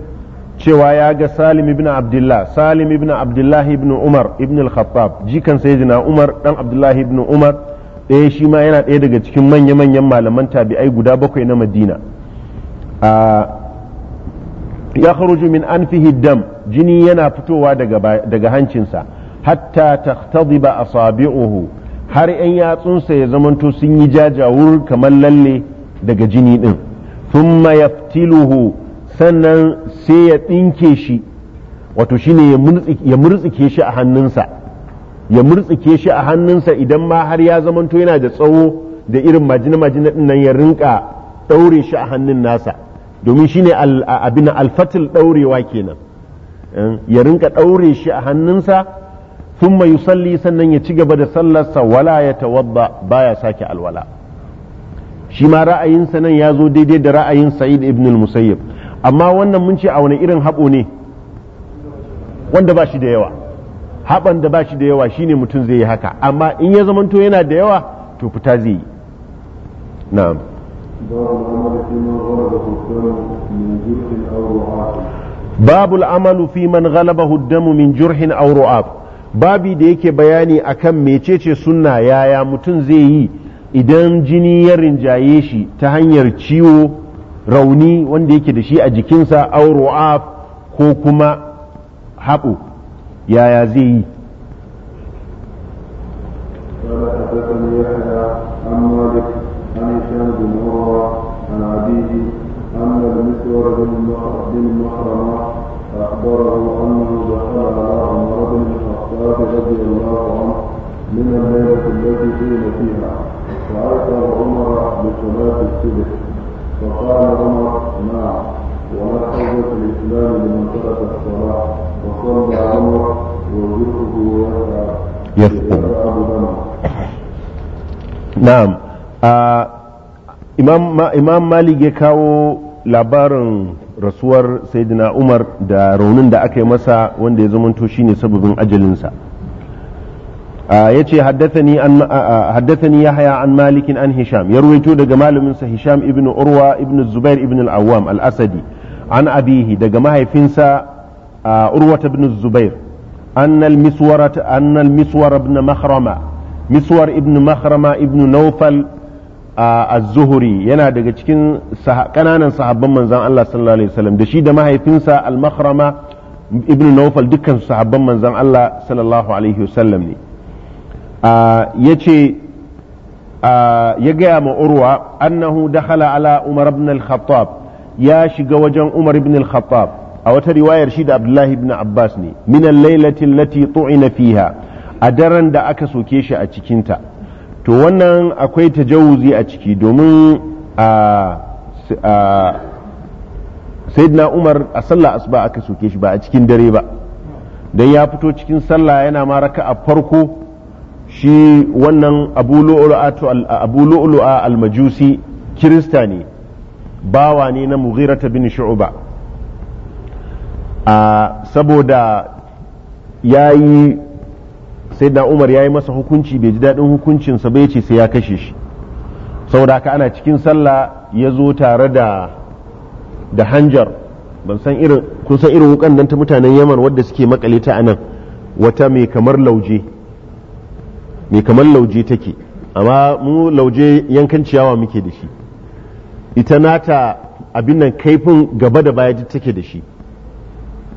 Speaker 1: cewa ya ga salim ibn abdullah salim ibn abdullah ibn umar ibn al-khattab jikan umar dan abdullah ibn umar ɗaya eh, shi ma yana ɗaya daga cikin manya-manyan malaman tabi'ai guda bakwai na madina ah, ya kharuju min anfihi dam jini yana fitowa daga hancinsa hatta tahtadiba asabi'uhu har 'yan yatsunsa ya zamanto sun yi jajawur kamar lalle daga jini ɗin ya yaftiluhu sannan sai ya ɗinke shi wato shine ya murtsike shi a hannunsa ya murtsike shi a hannunsa idan ma har ya zamanto yana da tsawo da irin majina-majina ɗin nan ya rinka ɗaure shi a hannun nasa domin shine abin alfatil ɗaurewa kenan eh, ya rinka ɗaure shi a hannunsa thumma yusalli sannan ya ci gaba da sallarsa wala ya tawadda baya sake alwala shi ma ra'ayinsa nan ya zo daidai da ra'ayin sa'id ibn al-musayyib amma wannan mun ce a wani irin haɓo ne wanda ba shi da yawa haɓan da ba shi da yawa shine mutum zai yi haka amma in ya zamanto yana da yawa to fita zai yi na'am babu al'amalu fi man ghalabahu damu min jurhin aw ru'ab babi da yake bayani akan mecece sunna yaya mutum zai yi idan jini ya rinjaye shi ta hanyar ciwo rauni wanda yake da shi a jikinsa auro'af ko kuma haɓo yaya zai yi
Speaker 2: من الليلة التي فيها فأشهر عمر بصلاة الصبح فقال عمر نعم ولا حاجة الإسلام لمن ترك الصلاة وصلى عمر وجهه ويسعى يثقب
Speaker 1: نعم imam ma, imam malik ya kawo labarin rasuwar sayyidina umar da raunin da aka yi masa wanda ya zama to shine sababin ajalinsa yace haddathani an ya haya an malikin an hisham ya ruwaito daga malamin hisham ibn urwa ibn zubair ibn al-awwam al-asadi an abihi daga mahaifinsa urwa ibn zubair an المسورة أن المسور بن مخرمة مسور ابن مخرمة ابن نوفل yana daga cikin kananan sahabban manzan Allah sallallahu alaihi wasallam da shi da mahaifinsa al-makhrama ibn naufal dukkan sahabban manzan Allah sallallahu alaihi wasallam ne ya ce ya gaya ma urwa annahu dakhala ala umar ibn al-khattab ya shiga wajen umar ibn al-khattab a wata riwayar shi da abdullahi ibn abbas ne min al-lailati allati tu'ina fiha a daren da aka soke shi a cikinta to wannan akwai tajawuzi a ciki domin a sayyidina umar a sallah asuba aka soke shi ba a cikin dare ba dan ya fito cikin sallah yana ma raka a farko shi wannan abu lu'lu'a al-majusi kirista ne bawa ne na mughirata bin shu'ba a saboda ya yi sai da umar ya yi masa hukunci bai ji daɗin hukuncinsa bai ce sai ya kashe shi saboda haka ana cikin sallah ya zo tare da da hanjar ban san irin kun san irin wukan nan ta mutanen yaman wadda suke makale ta anan wata mai kamar lauje mai kamar lauje take amma mu lauje yankan ciyawa muke da shi ita nata abin nan kaifin gaba da baya take da shi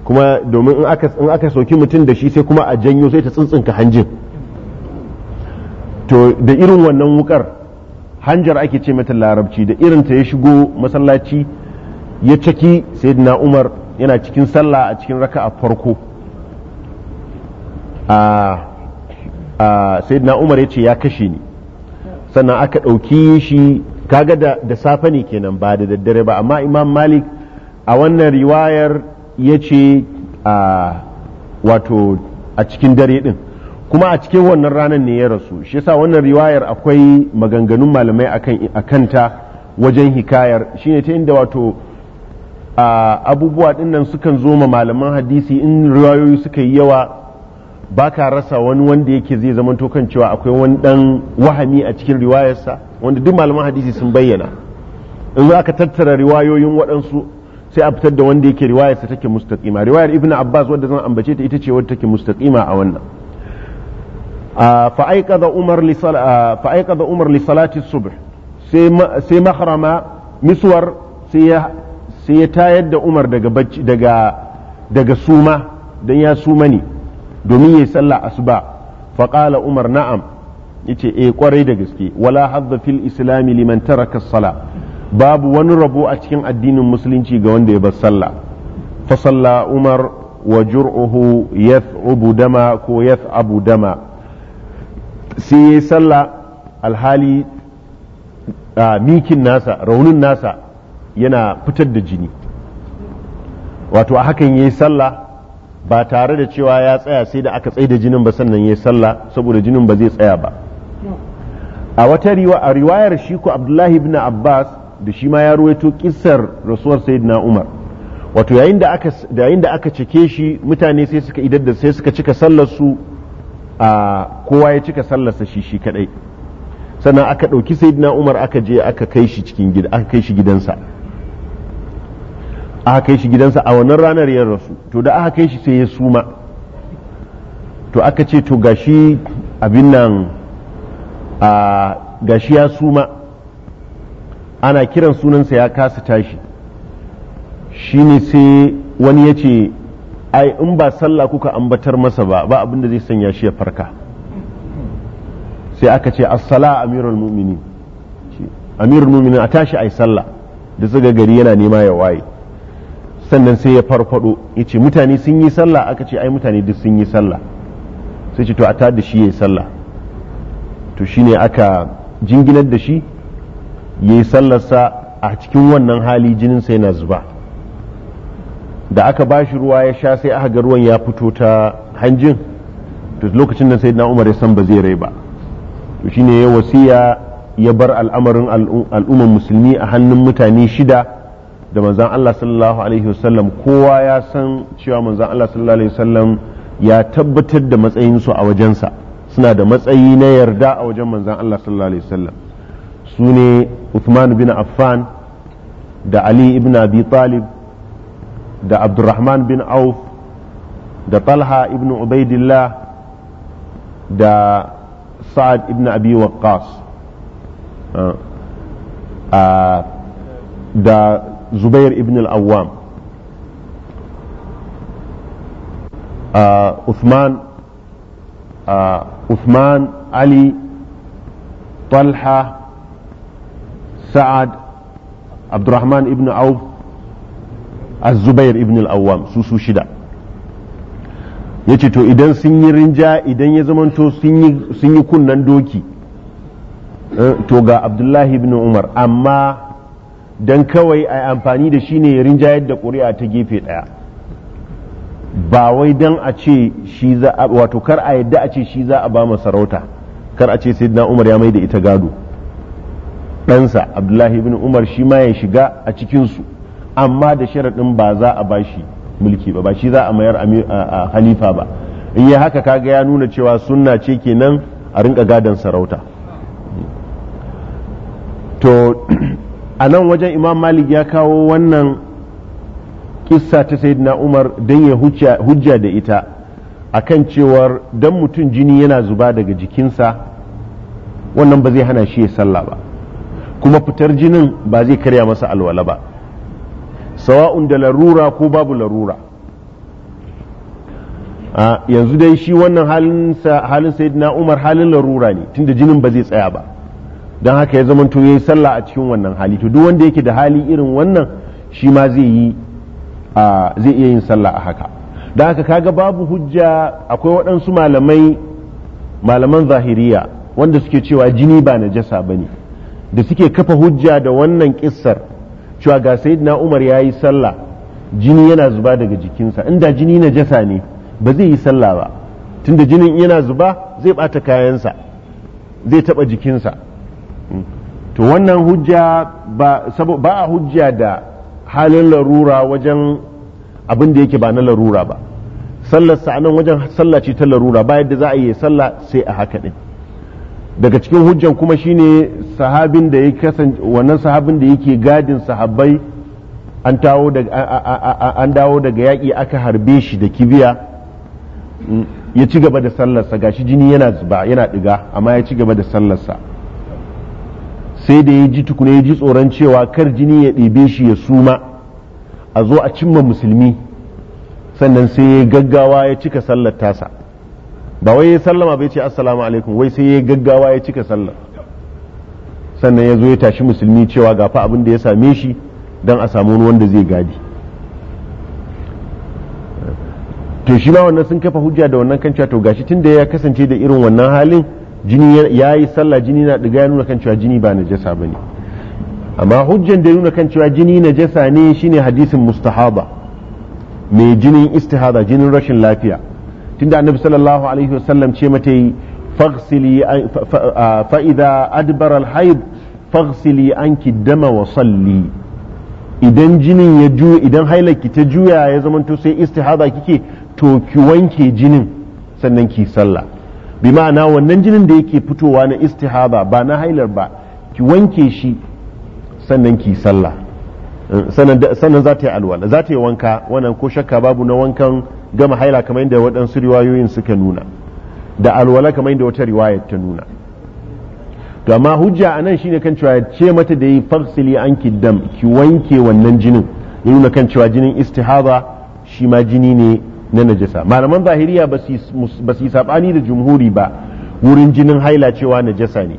Speaker 1: kuma domin in aka soki mutum da shi sai kuma a janyo sai ta tsintsinka hanjin to da irin wannan wukar hanjar ake ce mata larabci da irin ta ya shigo masallaci ya caki sai sayyidina Umar yana cikin sallah a cikin raka a farko a ah, sayyidina umar ya ce ya kashe ni sannan aka ɗauki shi kaga da da safe ne kenan ba da daddare ba amma imam malik a wannan riwayar ya ce wato a cikin dare ɗin kuma a cikin wannan ranar ne ya rasu shi yasa wannan riwayar akwai maganganun malamai akan kanta wajen hikayar shine ta inda wato abubuwa dinnan sukan zo ma malaman hadisi in riwayoyi suka yi yawa ba ka rasa wani wanda yake zai zama tokan cewa akwai wani dan wahami a cikin riwayarsa wanda duk malaman hadisi sun bayyana in za ka tattara riwayoyin waɗansu sai a fitar da wanda yake riwayarsa take mustaqima riwayar ibnu abbas wanda zan ambace ta ita ce wanda take mustaqima a wannan fa عمر umar فأيقظ عمر لصلاة sai mahrama miswar sai ya tayar da umar daga suma don ya suma ne domin yayi sallah asuba fa qala umar na'am yace eh kwarai da gaske wala hadda fil islam liman taraka sala babu wani rabo a cikin addinin musulunci ga wanda ya bar sallah fa salla umar wa jur'uhu yath'ubu dama ko yath'abu dama sai yayi sallah alhali mikin nasa raunin nasa yana fitar da jini wato a hakan yayi sallah ba tare da cewa ya tsaya sai da aka tsaye da jinin ba sannan ya sallah saboda jinin ba zai tsaya ba a wata riwayar shi ko abdullahi ibn abbas da shi ma ya ruwaito kissar rasuwar sayyidina umar wato yayin da aka yayin da cike shi mutane sai suka idar da sai suka cika sallar su a kowa ya cika sallarsa shi shi kadai sannan aka ɗauki sayyidina umar aka je aka kai shi gidansa aka kai shi gidansa a wannan ranar ya rasu to da aka kai shi sai ya suma to aka ce to gashi abin nan a gashi ya suma ana kiran sunansa ya kasa tashi shine sai wani ya ce ai in ba sallah kuka ambatar masa ba ba abin da zai sanya shi ya farka sai aka ce assala amirul mu'minin amirul mu'minin a tashi ai sallah da suka gari yana nema ya waye sannan sai ya farfado ya ce mutane sun yi sallah aka ce ai mutane duk sun yi sallah sai ce to a tada shi ya yi sallah to shi ne aka jinginar da shi ya yi sallarsa a cikin wannan hali jinin sai yana zuba da aka ba shi ruwa ya sha sai aka ga ruwan ya fito ta hanjin to lokacin nan sai na umar ya san ba zai rai ba to shi ne ya wasiya ya bar al'amarin al'umman musulmi a hannun mutane shida da manzan Allah sallallahu alaihi wasallam kowa ya san cewa manzan Allah sallallahu alaihi wasallam ya tabbatar da matsayinsu a wajensa suna da matsayi na yarda a wajen manzan Allah sallallahu alaihi wasallam su ne Uthman bin Affan da Ali ibn Abi Talib da Abdurrahman bin Auf da Talha ibn Ubaidillah da Sa'ad ibn Abi Waqqas ah. Ah. da زبير ibn al-awwam uh, uthman uh, uthman ali talha sa'ad abdurrahman ibn auf az-zubair ibn al-awwam su shida to idan sun yi rinja idan ya zamanto sun yi kunnan doki eh, to ga abdullahi ibn umar amma don kawai a amfani da shi ne rinjayar da ƙuri'a ta gefe ɗaya ba wai don a ce shi za a wato kar a yadda a ce shi za a ba sarauta kar a ce sai na umar ya mai da ita gado ɗansa abdullahi bin umar shi ma ya shiga a cikinsu amma da sharaɗin ba za a ba shi mulki ba ba shi za a mayar a halifa ba in yi haka kaga ya nuna cewa sunna ce kenan a rinka gadon sarauta to a nan wajen imam malik ya kawo wannan kissa ta sayyidina umar don ya hujja da ita akan cewar don mutum jini yana zuba daga jikinsa wannan ba zai hana shi ya sallah ba kuma fitar jinin ba zai karya masa alwala ba sawa'un da larura ko babu larura yanzu dai shi wannan halin sayyidina umar halin larura ne tunda jinin ba zai tsaya ba don haka ya zama ya yi sallah a cikin wannan hali to duk wanda yake da hali irin wannan shi ma zai yi zai iya yin sallah a haka don haka kaga babu hujja akwai waɗansu malamai malaman zahiriya wanda suke cewa jini ba jasa ba ne da suke kafa hujja da wannan kissar cewa ga na umar ya yi sallah jini yana zuba daga jikinsa inda jini na jasa ne ba zai yi sallah ba tunda jinin yana zuba zai bata kayansa zai taɓa jikinsa to wannan hujja ba a hujja da halin larura wajen abin da yake ba na larura ba sallar nan wajen sallah ce ta larura bayan da za a yi sallah sai a haka din daga cikin hujjan kuma shine sahabin da ya kasance wannan sahabin da yake gadin sahabbai an dawo daga yaƙi aka harbe shi da kibiya ya ci gaba da sallarsa gashi jini yana zuba yana ɗiga amma ya ci gaba da sallarsa sai da ya ji tukuna ya ji tsoron cewa kar jini ya ɗebe shi ya suma a zo a cimma musulmi sannan sai ya gaggawa ya cika sallar tasa ba wai ya sallama bai ce assalamu alaikum wai sai ya gaggawa ya cika sallar sannan ya zo ya tashi musulmi cewa ga fa abin da ya same shi don a samu wanda zai gadi to shi ma wannan sun kafa hujja da wannan kan cewa to gashi tun da ya kasance da irin wannan halin jini ya yi sallah jini na ɗiga ya nuna kan cewa jini ba najasa ba ne amma hujjan da nuna kan cewa jini najasa ne shine hadisin mustahaba mai jinin istihada jinin rashin lafiya tunda annabi sallallahu alaihi wasallam ce mata yi faghsili fa idza adbara al-hayd dama wa salli idan jinin ya juya idan hailaki ta juya ya zamanto sai istihada kike to ki wanke jinin sannan ki sallah bi ma'ana wannan jinin da yake fitowa na istihaba ba na hailar ba ki wanke shi sannan ki sallah eh, sannan za ta yi alwala za ta yi wanka wannan ko shakka babu na wankan gama haila kamar yadda waɗansu riwayoyin suka nuna da alwala kamar yadda wata riwaya ta nuna gama hujja a nan shine kan cewa ce mata da yi farsili an kiddam ki wanke wannan jinin ya nuna kan cewa jinin istihaba shi ma jini ne na najasa malaman zahiriya ba su saɓani da jumhuri ba wurin jinin haila cewa najasa ne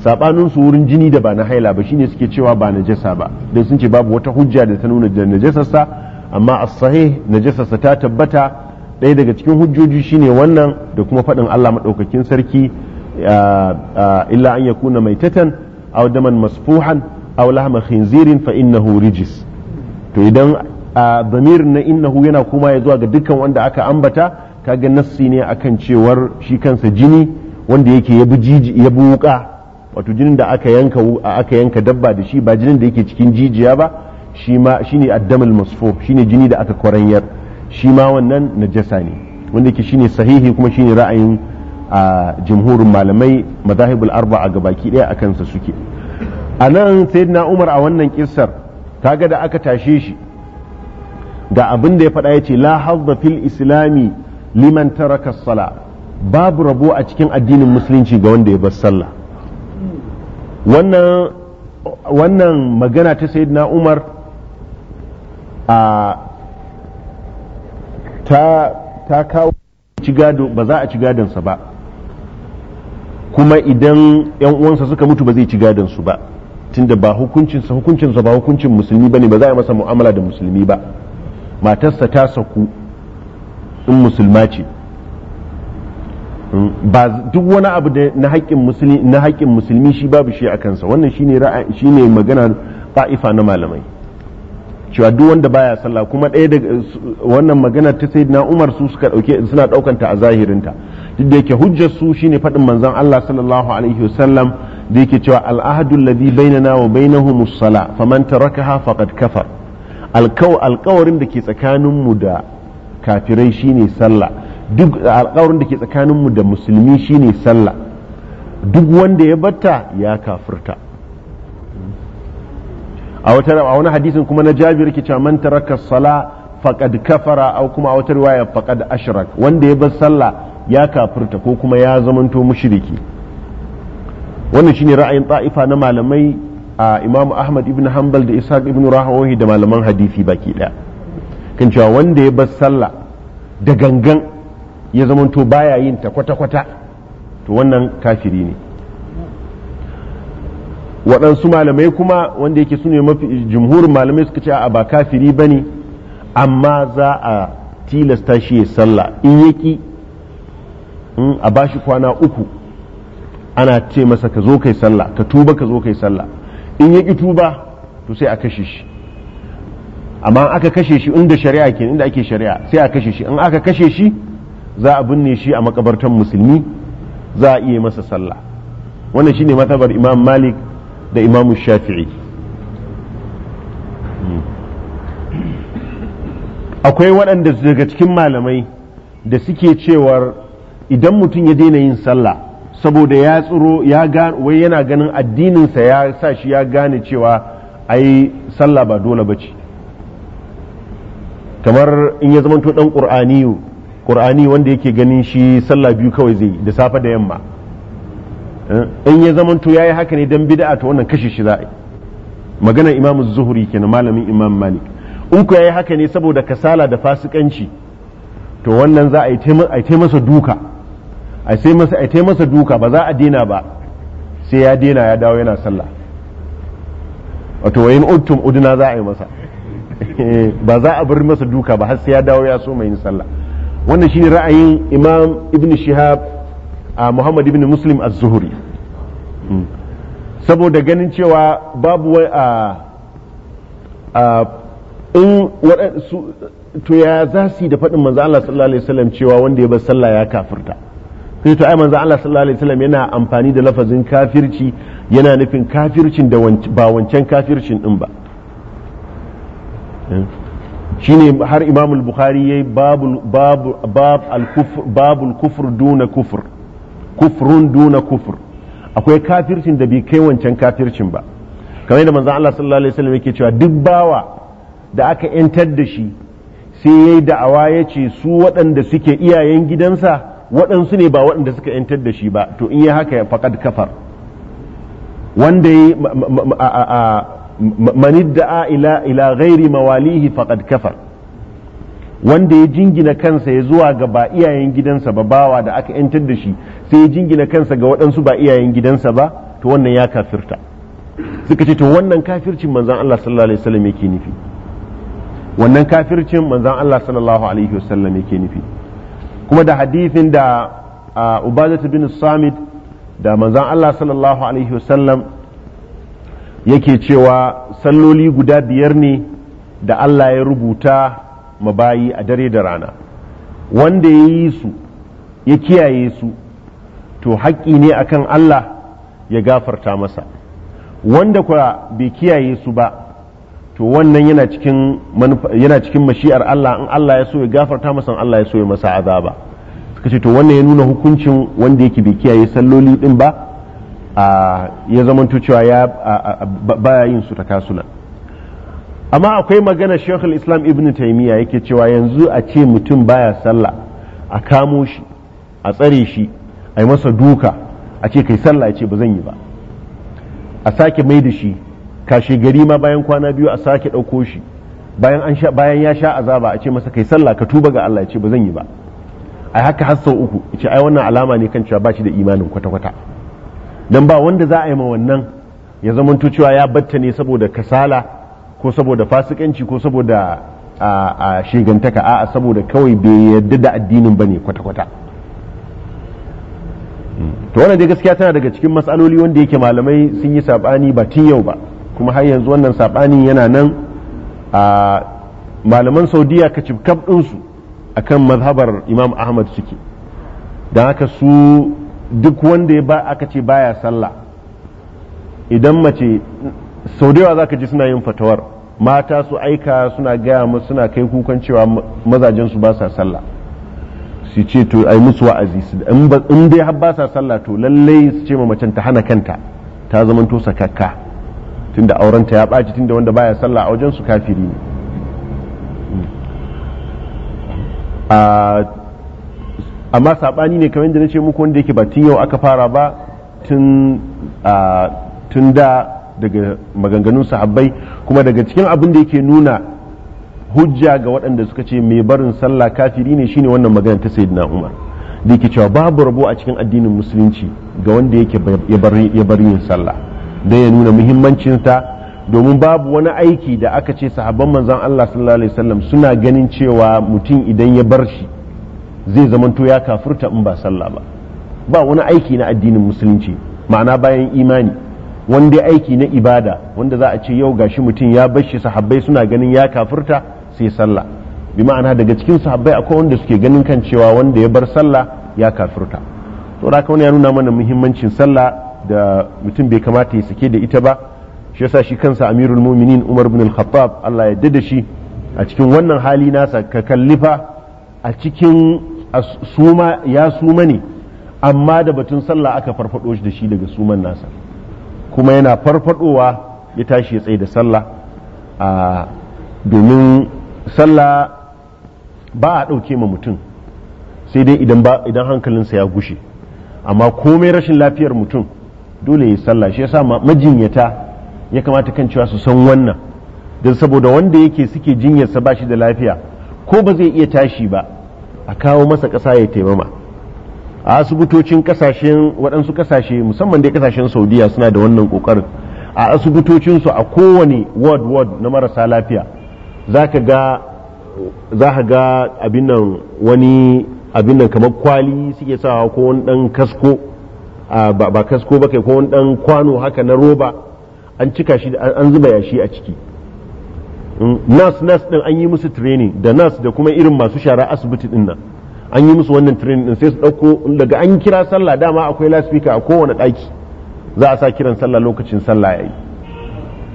Speaker 1: sabanin su wurin jini da ba na haila ba shine suke cewa ba najasa ba don sun ce babu wata hujja da ta nuna da najasarsa amma as-sahih najasarsa ta tabbata ɗaya daga cikin hujjoji shine wannan da kuma faɗin Allah maɗaukakin sarki illa an yakuna maitatan aw daman masfuhan aw lahma khinzirin fa innahu rijis to idan damir na innahu yana kuma ya zuwa ga dukkan wanda aka ambata kaga nassi ne akan cewar shi kansa jini wanda yake ya bi jiji ya wuka wato jinin da aka yanka aka yanka dabba da shi ba jinin da yake cikin jijiya ba shi ma shine addamul shi shine jini da aka kwaranyar shi ma wannan najasa ne wanda yake shine sahihi kuma shine ra'ayin a jumhurin malamai madahibul arba'a gabaki daya akan sa suke anan sayyidina umar a wannan kissar kaga da aka tashe shi ga abin da ya faɗa ya ce la hazza fil islami liman taraka sala babu rabo a cikin addinin musulunci ga wanda ya bar sallah wannan wannan magana ta sayyidina umar a ta ta kawo ba za a ci gadonsa ba kuma idan 'yan uwansa suka mutu ba zai ci gadonsu ba tunda ba hukuncinsa hukuncinsa ba hukuncin musulmi ba ba za a masa mu'amala da musulmi ba matarsa ta saku in musulma ce mm, ba duk wani abu da na haƙƙin musulmi na haƙƙin musulmi shi babu shi a kansa wannan shine ra'ayi shine magana ta'ifa na malamai cewa duk wanda baya sallah kuma ɗaya da wannan magana ta sayyidina Umar su suka dauke suna daukar ta a zahirinta duk da yake hujjar su shine faɗin manzon Allah sallallahu alaihi wasallam da yake cewa al ahdu alladhi bainana wa bainahumus sala faman tarakaha faqad kafara alkawarin da ke tsakaninmu da kafirai shine sallah duk alkawarin da ke tsakaninmu da musulmi shine sallah duk wanda ya batta ya kafirta a wata a wani hadisin kuma na jabir ke cewa man taraka sala faqad kafara au kuma a wata riwaya faqad ashrak wanda ya bar sallah ya kafirta ko kuma ya zamanto mushriki wannan shine ra'ayin ta'ifa na malamai a imam ahmad ibn hanbal da ishaq ibn rahawahi da malaman hadisi baki daya kan cewa wanda ya bar sallah da gangan ya zamanto baya yin ta kwata-kwata to wannan kafiri ne waɗansu malamai kuma wanda yake su mafi jumhurin malamai suka ce a ba kafiri ba ne amma za a tilasta shi ya sallah in yaki a bashi kwana uku ana ce masa ka zo kai sallah ka tuba ka zo kai sallah in ya ƙitu tuba to sai a kashe shi amma aka kashe shi inda shari'a ke inda ake shari'a sai a kashe shi in aka kashe shi za a binne shi a makabartan musulmi za a iya masa sallah wannan shine matabar imam malik da imam shafi'i akwai waɗanda daga cikin malamai da suke cewar idan mutum ya daina yin sallah saboda ya tsoro ya wai yana ganin addininsa ya sa shi ya gane cewa ai sallah ba dole ba ce kamar in ya zamanto dan qur'ani ƙur'ani wanda yake ganin shi sallah biyu kawai zai da safe da yamma eh, in ya zamanto yi haka ne don bid'a to wannan kashe shi za a magana imamu zuhuri kenan malamin imam malik in ku yi haka ne saboda kasala da fasikanci to wannan za a yi masa duka a sai masa a masa duka ba za a dina ba sai ya dina ya dawo yana sallah wato wayin uttum uduna za a yi masa eh, ba za a bar masa duka ba har sai ya dawo ya so mai yin sallah wannan shine ra'ayin imam ibn shihab a muhammad ibn muslim az-zuhri hmm. saboda ganin cewa babu wai a in waɗansu to ya za su yi da faɗin manzo Allah sallallahu alaihi wasallam cewa wanda ya bar sallah ya kafirta sai to ai manzo Allah sallallahu alaihi wasallam yana amfani da lafazin kafirci yana nufin kafircin da ba wancan kafircin din ba shine har Imam al-Bukhari yayi babul babu bab al-kufr babul kufr duna kufr kufrun duna kufr akwai kafircin da bai kai wancan kafircin ba kamar yadda manzo Allah sallallahu alaihi wasallam yake cewa duk bawa da aka yantar da shi sai yayi da'awa yace su waɗanda suke iyayen gidansa waɗansu ne ba waɗanda suka yantar da shi ba to in yi haka ya faƙad kafar wanda yi manidda'a ila ila ghairi mawalihi faƙad kafar wanda ya jingina kansa ya zuwa ga ba iyayen gidansa ba bawa da aka yantar da shi sai ya jingina kansa ga waɗansu ba iyayen gidansa ba to wannan ya kafirta suka ce to wannan kafircin manzan Allah sallallahu alaihi wasallam yake nufi wannan kafircin manzon Allah sallallahu alaihi wasallam yake nufi kuma da hadithin da ubazat bin samit da manzan Allah sallallahu alaihi wasallam yake cewa salloli guda biyar ne da Allah ya rubuta ma mabayi a dare da rana wanda ya yi su ya kiyaye su to haƙƙi ne akan Allah ya gafarta masa wanda kuwa bai kiyaye su ba to wannan yana cikin yana mashi'ar Allah in Allah ya so ya gafarta masa in Allah ya so ya masa azaba suka ce to wannan ya nuna hukuncin wanda yake bai kiyaye salloli din ba ya zamanto cewa ya baya yin su ta kasula amma akwai magana Sheikhul islam ibn taimiyya yake cewa yanzu a ce mutum baya sallah a kamo shi a tsare shi a yi masa duka a ce kai sallah ce ba zan yi ba a sake mai da shi kashe gari ma bayan kwana biyu a sake ɗauko shi bayan an sha bayan ya sha azaba a ce masa kai sallah ka tuba ga Allah ya ce ba zan yi ba ai haka har sau uku ya ce ai wannan alama ne kan cewa ba shi da imanin kwata kwata dan ba wanda za a yi ma wannan ya zamanto cewa ya batta ne saboda kasala ko saboda fasikanci ko saboda a shegantaka a'a saboda kawai bai yarda da addinin bane kwata kwata hmm. to wannan dai gaskiya tana daga cikin matsaloli wanda yake malamai sun yi sabani ba tun yau ba kuma har yanzu wannan saɓanin yana nan a malaman saudiya ka cibkab ɗinsu a kan mazhabar imam ahmad suke don haka su duk wanda ya ba aka ce baya sallah idan mace sau za ka ji suna yin fatawar mata su aika suna gaya musu suna kai kukan cewa mazajen su ba sa sallah su ce to ai musu wa'azi in dai har ba sa sallah to lallai su ce ma macen ta hana kanta ta zamanto sakakka tunda aurenta ya ɓaci tunda wanda baya sallah a wajen su kafiri ne amma saɓani ne kamar yadda na ce muku wanda yake ba tun yau aka fara ba tun da daga maganganun sahabbai kuma daga cikin abin da yake nuna hujja ga waɗanda suka ce mai barin sallah kafiri ne shine wannan magana ta sayyidina umar da yake cewa babu rabo a cikin addinin musulunci ga wanda yake ya bar yin sallah don ya nuna muhimmancinta domin babu wani aiki da aka ce sahabban manzan Allah sallallahu alaihi wasallam suna ganin cewa mutum idan ya bar shi zai zamanto ya kafurta in ba sallah ba ba wani aiki na addinin musulunci ma'ana bayan imani wanda aiki na ibada wanda za a ce yau gashi mutum ya bar shi sahabbai suna ganin ya kafurta sai sallah bi ma'ana daga cikin sahabbai akwai wanda suke ganin kan cewa wanda ya bar sallah ya kafurta to da wani ya nuna mana muhimmancin sallah da mutum bai kamata ya sake da ita ba shi yasa shi kansa amirul muminin umar bin al-khattab Allah ya da shi a cikin wannan hali nasa ka kallifa a cikin suma ya suma ne amma da batun sallah aka farfado shi da shi daga suman nasa kuma yana farfadowa ya tashi ya tsaye da sallah a domin sallah ba a ɗauke ma mutum sai dai idan hankalinsa ya gushe amma komai rashin lafiyar mutum dole ya sallah shi yasa majinyata ya kamata kan cewa su san wannan don saboda wanda yake suke jinyarsa ba shi da lafiya ko ba zai iya tashi ba a kawo masa ƙasa ya taimama a asibitocin kasashen waɗansu kasashe musamman dai kasashen saudiya suna da wannan ƙoƙarin a asibitocinsu a kowane ward ward na marasa lafiya za ka ga za abin nan wani abin kamar kwali suke sawa ko wani ɗan kasko ba kasko ba kai ko wani dan kwano haka na roba an cika shi an zuba yashi a ciki mm, nas nas din an yi musu training da nas da kuma irin masu shara asibiti din nan an yi musu wannan training din sai su dauko daga an kira sallah dama akwai laspika a kowane daki za a sa kiran sallah lokacin sallah yayi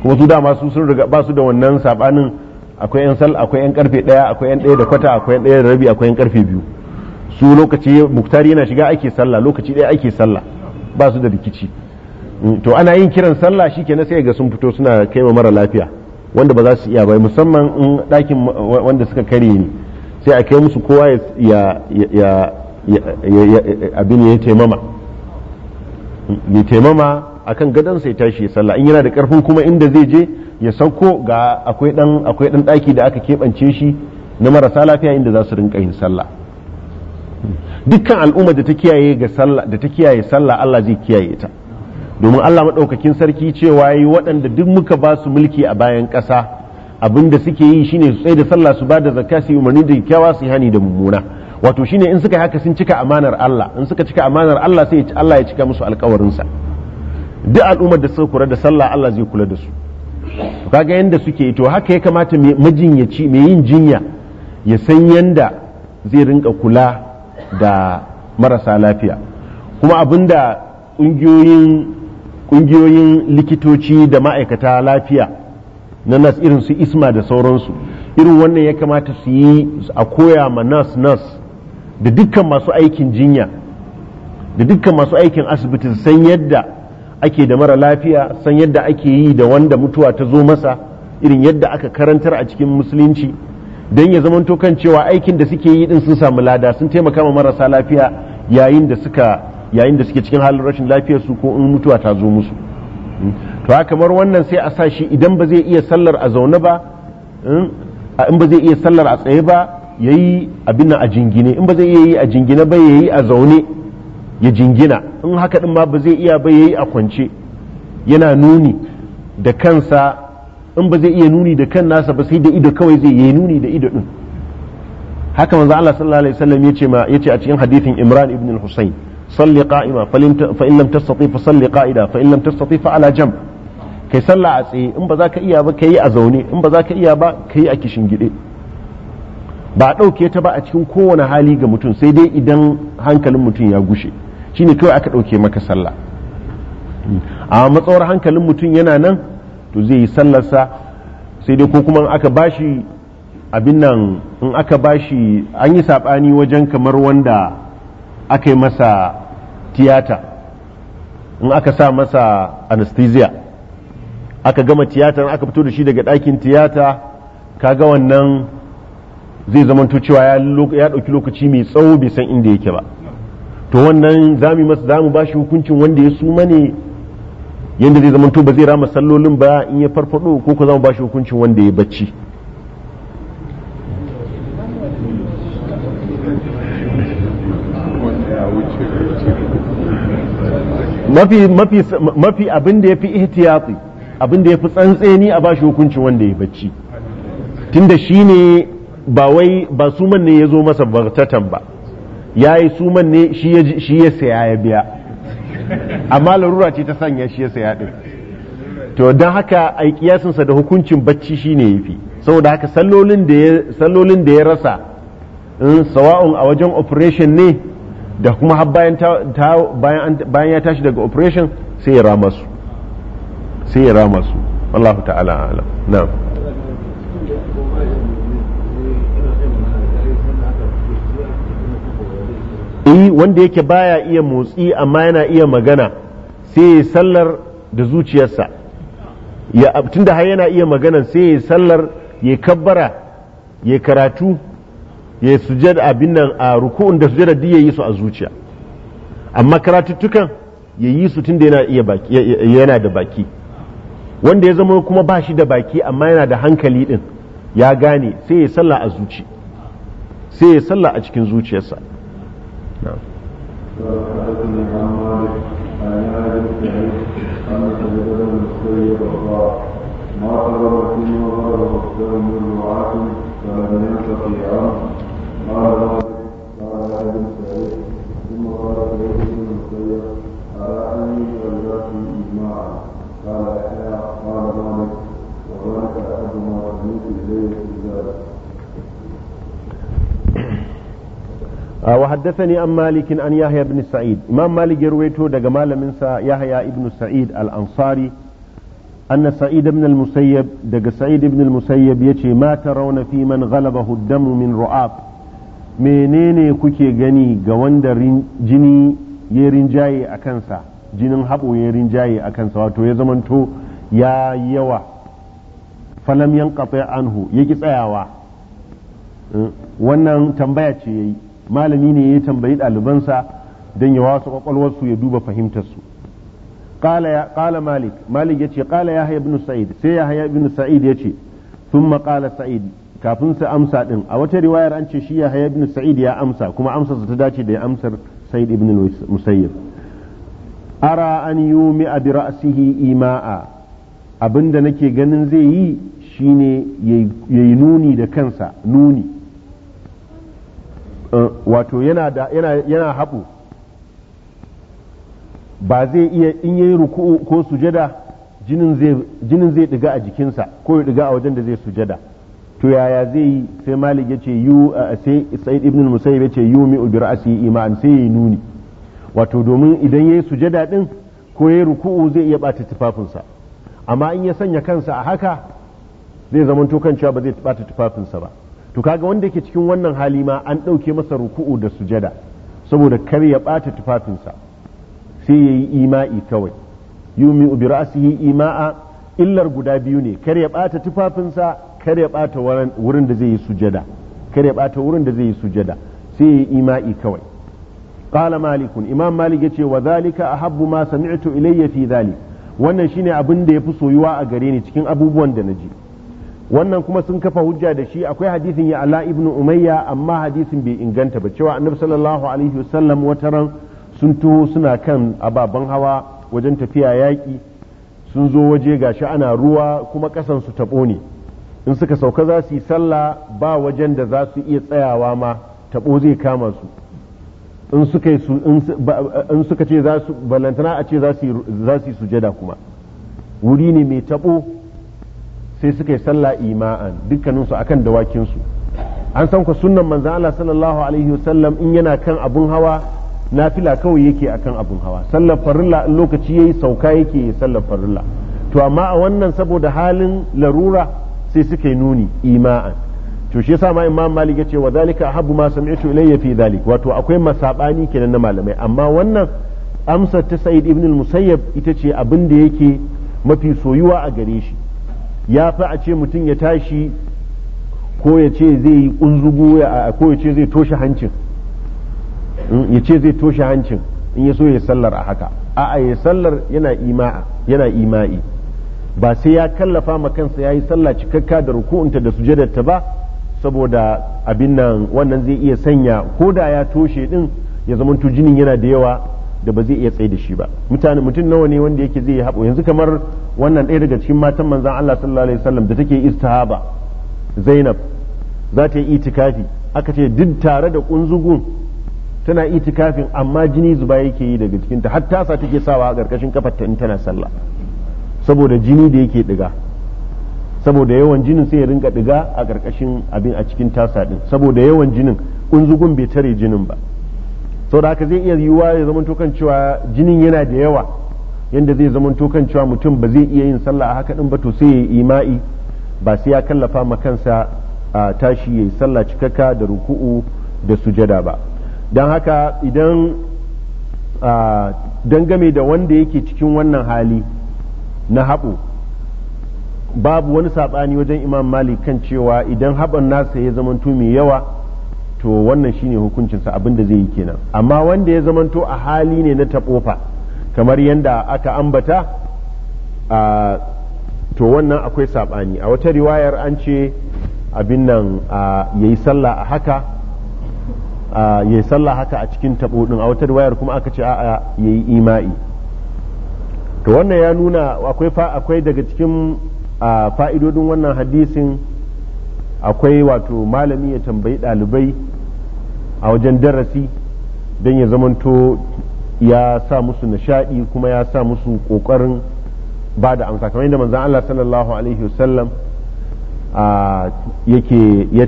Speaker 1: kuma su dama su sun riga basu da wannan sabanin akwai yan sallah akwai yan karfe daya akwai yan daya da kwata akwai yan daya da rabi akwai yan karfe biyu su lokaci muktari yana shiga ake sallah lokaci daya ake sallah ba su da rikici mm, to ana yin kiran sallah na sai ga sun fito suna kai wa mara lafiya wanda ba za su iya ba musamman in ɗakin wanda suka kare ni sai a kai musu kowa ya abin ya taimama mm, ya taimama akan gadon sai tashi ya sallah in yana da karfin kuma inda zai je ya sauko ga akwai ɗan ɗaki da aka keɓance shi na marasa lafiya inda za su rinka yin sallah dukkan al'umma da ta kiyaye ga sallah da ta kiyaye sallah Allah zai kiyaye ta domin Allah madaukakin sarki cewa yi waɗanda duk muka ba su mulki a bayan ƙasa abinda suke yi shine su tsaye da sallah su ba da zakka su umarni da kyawa su hani da mummuna wato shine in suka haka sun cika amanar Allah in suka cika amanar Allah sai Allah ya cika musu sa. duk al'ummar da suka kula da sallah Allah zai kula da su to kaga yanda suke to haka ya kamata majinyaci mai yin jinya ya san yanda zai rinka kula da marasa lafiya kuma abin da ƙungiyoyin likitoci da ma'aikata lafiya na nas irin su isma da sauransu irin wannan ya kamata su yi a koya ma nas nas da dukkan masu aikin jinya da dukkan masu aikin asibiti san yadda ake da mara lafiya san yadda ake yi da wanda mutuwa ta zo masa irin yadda aka karantar a cikin musulunci don ya zamanto kan cewa aikin da suke yi din sun samu lada sun taimaka ma marasa lafiya yayin da suke cikin halin rashin lafiyarsu ko in mutuwa ta zo musu hmm? to haka kamar wannan sai a sa shi idan ba zai iya sallar a zaune ba hmm? in ba zai iya sallar a tsaye ba yayi abin nan a jingine in ba zai iya yi a jingine ba yayi a zaune ya jingina in haka din ma ba zai iya ba yayi a kwance yana nuni da kansa in ba zai iya nuni da kan nasa ba sai da ido kawai zai yi nuni da ido din haka manzo Allah sallallahu alaihi wasallam yace ma yace a cikin hadithin Imran ibn al-Husayn salli qa'ima fa in lam tastati fa salli qa'ida fa in lam tastati fa ala jamb kai sallah a tsaye in ba za ka iya ba kai a zaune in ba za ka iya ba kai a kishin gide ba a ɗauke ta ba a cikin kowane hali ga mutum sai dai idan hankalin mutum ya gushe shine kawai aka ɗauke maka sallah a matsawar hankalin mutum yana nan to zai yi sallarsa sai dai ko kuma aka bashi abin nan in aka bashi an yi saɓani wajen kamar wanda aka yi masa tiyata in aka sa masa anesthesia aka gama tiyata aka fito da shi daga ɗakin tiyata kaga wannan zai zamanto cewa ya ɗauki lokaci mai tsawo bai san inda yake ba to wannan za mu bashi hukuncin wanda ya suma ne yadda zai zamanto ba zai rama sallolin ba in ya farfado ko ku zama bashi hukuncin wanda ya bacci mafi abin da ya fi ihtiyati abin da ya fi tsantseni a bashi hukuncin wanda ya bacci tunda shi ne ba wai ba suman ne ya zo masa bartatan ba ya yi suman ne shi ya saya ya biya amma larura ce ta sanya shi ya saya din to don haka ai kiyasinsa da hukuncin bacci shi shine fi, saboda haka sallolin da ya rasa, in sawa'un a wajen operation ne da kuma bayan ya tashi daga operation sai ya rama sai ya rama su wallahu ta'ala na'am eh wanda yake baya iya motsi amma yana iya magana sai ya sallar da zuciyarsa ya tunda har yana iya magana sai ya sallar ya kabbara ya karatu ya sujada abin nan a ruku'un da sujada duk ya yi su a zuciya amma karatuttukan ya yi su tunda yana iya baki yana da baki wanda ya zama kuma ba shi da baki amma yana da hankali din ya gane sai ya salla a zuci sai ya salla a cikin zuciyarsa نعم
Speaker 2: حدثني عن مالك عن ابي سعيد ان سعيد بن المسيب قال ما قرب فيما ضربه السلم بالوعاة فلم ينتقي عنه قال مالك قال ابن سعيد ثم قال سعيد بن المسيب على اني ولدتي اجماعا قال احياء قال مالك وذلك احد ما رميت اليه في ذلك
Speaker 1: a wa haddathani an malikin an Yahya ibn Sa'id Imam Malik yarwaito daga malamin sa Yahya ibn Sa'id al-Ansari anna Sa'id ibn musayyab daga Sa'id ibn al-Musayyab yace ma tarawna fi man galaba ad-damu min ru'ab menene kuke gani ga wanda jini ya rinjaye a kansa jinin habo ya rinjaye a kansa wato ya zamanto ya yawa falam yanqata anhu yake tsayawa wannan tambaya ce yayi malami ne ya tambayi ɗalibansa don ya wasu ƙwaƙwalwarsu ya duba fahimtarsu ƙala malik malik ya ce ƙala ya haya sa'id sai ya haya ibn sa'id ya ce sun maƙala sa'id kafin su amsa ɗin a wata riwayar an ce shi ya haya ibn sa'id ya amsa kuma amsarsa ta dace da ya amsar sa'id ibn musayyib ara an yumi a bi ra'sihi ima'a abinda nake ganin zai yi shine yayi nuni da kansa nuni Eh, wato yana da haɓu ba zai iya in yayi ruku'u ko sujada jinin zai jinin a jikinsa ko ya diga a wajen da zai sujada to yaya zai yi sai malik yace yu eh, sai sa'id ibn musayyib yace mi bi asi iman sai yayi nuni wato domin idan yayi sujada din ko yayi ruku'u zai iya bata tufafinsa amma in ya sanya kansa a haka zai zamanto kan cewa ba zai bata tufafinsa ba to kaga wanda ke cikin wannan hali ma an ɗauke masa ruku'u da sujada saboda kar ya ɓata tufafinsa sai ya yi ima'i kawai yumi bi ra'sihi ima'a illar guda biyu ne kar ya ɓata tufafinsa kar ya ɓata wurin da zai yi sujada kar ya ɓata wurin da zai yi sujada sai ya yi ima'i kawai qala malikun imam malik yace wa zalika ahabbu ma sami'tu ilayya fi zalik wannan shine abin da ya fi soyuwa a gare ni cikin abubuwan da na ji. wannan kuma sun kafa hujja da shi akwai hadisin ya ala ibn umayya amma hadisin bai inganta ba cewa annabi sallallahu alaihi wasallam wata ran sun tuho suna kan ababen hawa wajen tafiya yaƙi sun zo waje gashi ana ruwa kuma ƙasan su taɓo ne in suka sauka za su yi sallah ba wajen da za su iya tsayawa ma taɓo zai kama su in suka in suka ce za su balantana a ce za su yi sujada kuma wuri ne mai taɓo sai suka yi sallah ima'an dukkaninsu akan dawakinsu an san ku sunnan manzan Allah sallallahu alaihi wasallam in yana kan abun hawa nafila kawai yake akan abun hawa sallar farilla in lokaci yayi sauka yake sallar farilla to amma a wannan saboda halin larura sai suka yi nuni ima'an to shi yasa ma imam malik yace wa zalika habu ma sami'tu ilayya fi zalik wato akwai masabani kenan na malamai amma wannan amsar ta sa'id ibn al-musayyab ita ce abin da yake mafi soyuwa a gare shi ya fi a ce mutum ya tashi ko ya ce zai yi unzugu ko ya ce zai toshe hancin mm, ya ce zai toshe hancin in ya so ya sallar a haka a'a ya sallar yana ima'i ba sai ya kallafa ma kansa ya yi sallah cikakka da ruku'unta da sujadarta ba saboda abin nan wannan zai iya sanya ko da ya toshe din ya zama jinin yana da yawa da ba zai iya tsaye da shi ba mutane mutum nawa ne wanda yake zai haɓo yanzu kamar wannan ɗaya daga cikin matan manzan Allah sallallahu alaihi wasallam da take istihaba Zainab za ta yi itikafi aka ce duk tare da kunzugun tana itikafin amma jini zuba yake yi daga jikinta har tasa take sawa a ƙarƙashin kafarta in tana sallah saboda jini da yake diga saboda yawan jinin sai ya rinka diga a ƙarƙashin abin a cikin tasa din saboda yawan jinin kunzugun bai tare jinin ba sau da haka zai iya yiwuwa ya zama kan cewa jinin yana da yawa yadda zai zama kan cewa mutum ba zai iya yin sallah a haka ɗin ba to sai ya yi ima'i ba sai ya kallafa ma kansa a tashi ya yi sallah cikakka da ruku'u da sujada ba don haka idan dangame da wanda yake cikin wannan hali na haɓo babu wani saɓani wajen imam malik kan cewa idan haɓon nasa ya zama mai yawa to wannan shine hukuncinsa abin da zai yi kenan amma wanda ya zamanto a hali ne na taɓofa kamar yadda aka ambata a to wannan akwai saɓani a wata riwayar an ce abin nan ya yi sallah a haka ya sallah haka a cikin taɓo a wata riwayar kuma aka ce a ya yi ima'i to wannan ya nuna akwai daga cikin fa'idodin wannan hadisin akwai wato malami ya tambayi ɗalibai a wajen darasi don ya zamanto ya sa musu nishaɗi kuma ya sa musu ƙoƙarin ba da amsa kamar yadda manzan Allah sallallahu alaihi wasallam yake ya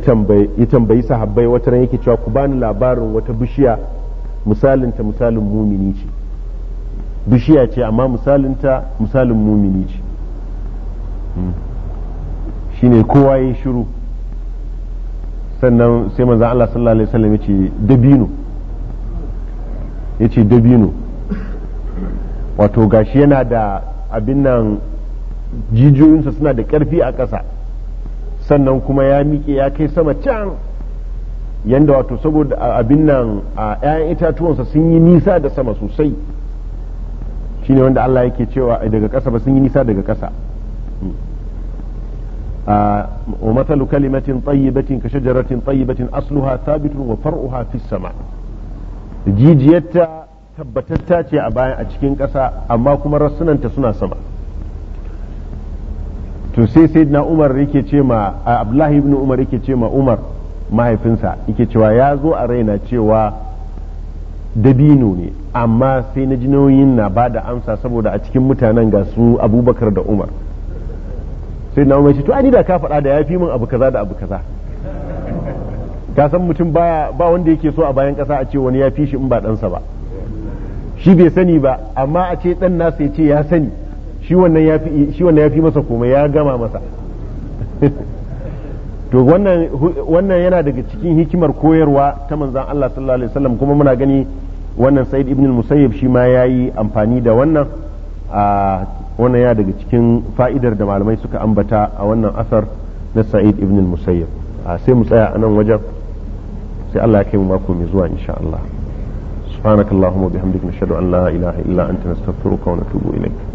Speaker 1: tambayi sahabbai wata ran yake cewa ku bani labarin wata bishiya misalinta misalin mumini ce bishiya ce amma misalinta misalin mumini ce hmm. shine kowa ya yi shiru sannan sai manzan Allah sallallahu alaihi wasallam yace dabino yace dabino wato gashi yana da abin nan jijiyoyinsa suna da ƙarfi a ƙasa sannan kuma ya miƙe ya kai sama can yanda wato saboda abin nan a 'ya'yan itatuwansa sun yi nisa da sama sosai shine wanda Allah yake cewa daga ƙasa ba sun yi nisa daga ƙasa ومثل كلمة طيبة كشجرة طيبة أصلها ثابت وفرعها في السماء جيجيتا tabbatatta ce a bayan a cikin ƙasa amma kuma rassunanta suna sama to sai na umar yake ce ma abdullahi ibn umar yake ce ma umar mahaifinsa yake cewa ya zo a raina cewa dabino ne amma sai na ji nauyin na ba da amsa saboda a cikin mutanen ga su abubakar da umar sai na umar ce to ani da ka faɗa da ya fi min abu kaza da abu kaza ka san mutum baya ba wanda yake so a bayan ƙasa a ce wani ya fi shi in ba ɗansa ba shi bai sani ba amma a ce ɗan nasa ya ce ya sani shi wannan ya fi masa komai ya gama masa to wannan yana daga cikin hikimar koyarwa ta manzan Allah sallallahu alaihi wasallam kuma muna gani wannan Said ibn al-Musayyib shi ma yayi amfani da wannan a wannan ya daga cikin fa'idar da malamai suka ambata a wannan asar na sa'id ibn musayyib a sai mu tsaya a nan wajen sai Allah ya kai mu mako mai zuwa insha Allah subhanakallahumma bihamdika nashhadu an la ilaha illa anta nastaghfiruka wa natubu ilayk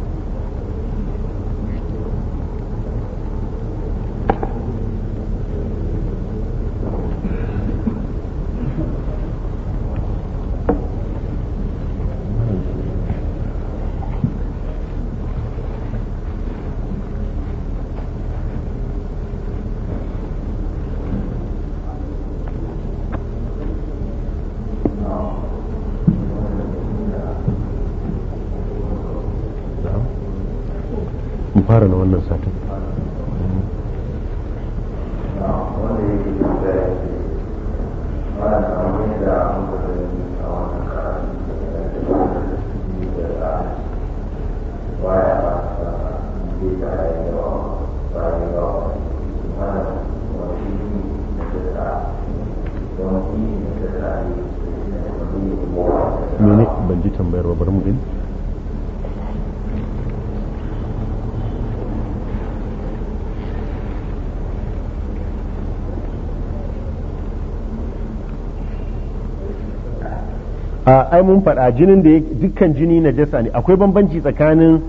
Speaker 1: mun faɗa jinin da dukkan jini najasa ne akwai bambanci tsakanin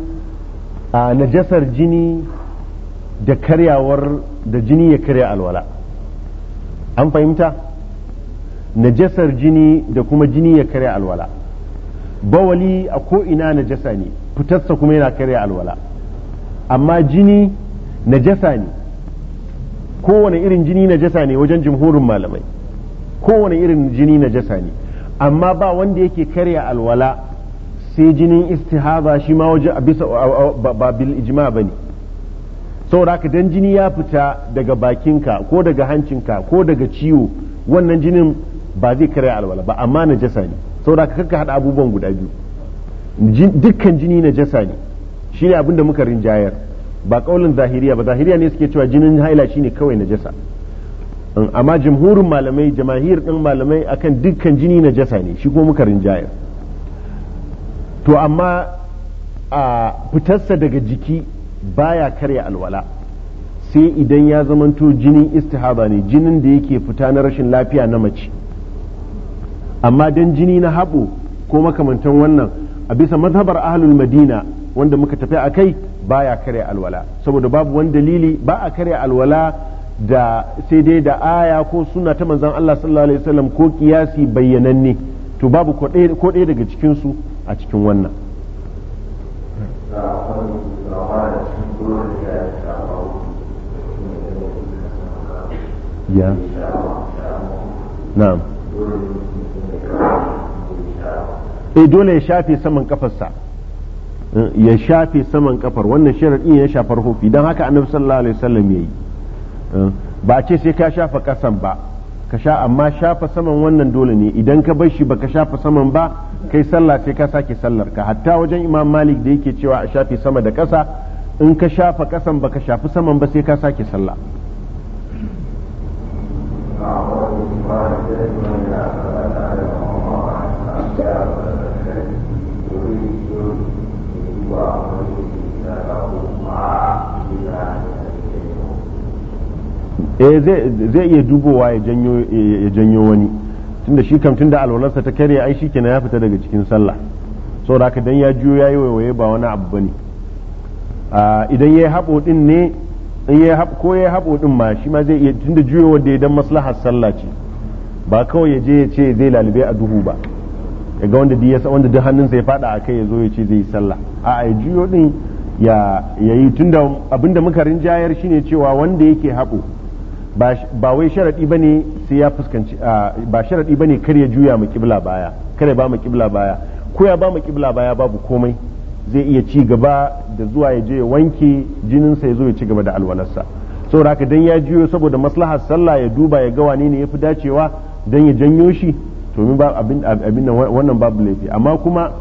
Speaker 1: najasar jini da karyawar da jini ya karya alwala an fahimta najasar jini da kuma jini ya karya alwala bawali a ko'ina najasa ne fitarsa kuma yana karya alwala amma jini najasa ne kowane irin jini najasa ne wajen jimhurin malamai kowane irin jini najasa ne amma ba wanda yake karya alwala sai jinin istihaza shi ma waje a bisa ba bil ijma ne saboda haka dan jini ya fita daga bakinka ko daga hancinka ko daga ciwo wannan jinin ba zai karya alwala ba amma na jasa ne saboda haka kakka hada abubuwan guda biyu dukkan jini na najasa ne shine abin da muka rinjayar ba kaulin zahiriya ba zahiriya ne suke cewa jinin haila shi ne kawai na jasa. amma jamhurin malamai jamahir ɗin malamai akan dukkan jini na jasa ne shi ko muka rinjaya to amma a fitarsa daga jiki baya karya alwala sai idan ya zamanto jinin istihaba ne jinin da yake fita na rashin lafiya na mace amma don jini na haɓo ko makamantan wannan a bisa mazhabar ahlul madina wanda muka tafi a kai baya karya alwala saboda babu wani dalili ba a karya alwala da sai dai da aya ko suna ta manzan Allah sallallahu alaihi wasallam ko kiyasi bayyananne to babu ko ɗaya daga cikin a cikin wannan ya na'am eh dole ya shafe saman kafarsa eh, ya shafe saman kafar wannan sharaɗi ya shafar hofi don haka annabi sallallahu alaihi wasallam yi. Eh, ba a ce sai ka shafa ƙasan ba ka sha amma shafa saman wannan dole ne idan ka bar shi ba ka shafa saman ba kai sallah sai ka sake sallar ka hatta wajen imam malik da yake cewa a shafe sama da ƙasa in ka shafa ƙasan ba ka shafi saman ba sai ka sake sallah Yeah. Eh, zai iya dubowa ya janyo ya janyo wani tunda shi kam tunda alwalarsa ta kare ai na ya fita daga cikin sallah saboda haka dan ya juyo yayi waiwaye ba wani abu bane ah, idan yayi habo din ne in yayi hab ko yayi habo din ma shi ma zai iya tunda juyo wanda ya dan maslahar sallah ce ba kawai ya je ya ce zai lalube a duhu ba ga wanda duk wanda duk hannunsa ya fada a kai ya zo ya ce zai yi sallah a juyo din ya yayi tunda abinda muka rinjayar shine cewa wanda yake habo ba wai sharadi bane sai ya fuskanci ba sharadi bane kar ya juya mu kibla baya kar ya ba mu kibla baya ko ya ba mu kibla baya babu komai zai iya ci gaba da zuwa ya je ya wanke jininsa ya zo ya ci gaba da alwalarsa saboda haka dan ya juyo saboda maslahar sallah ya duba ya ga wane ne ya fi dacewa dan ya janyo shi to min ba abin wannan babu laifi amma kuma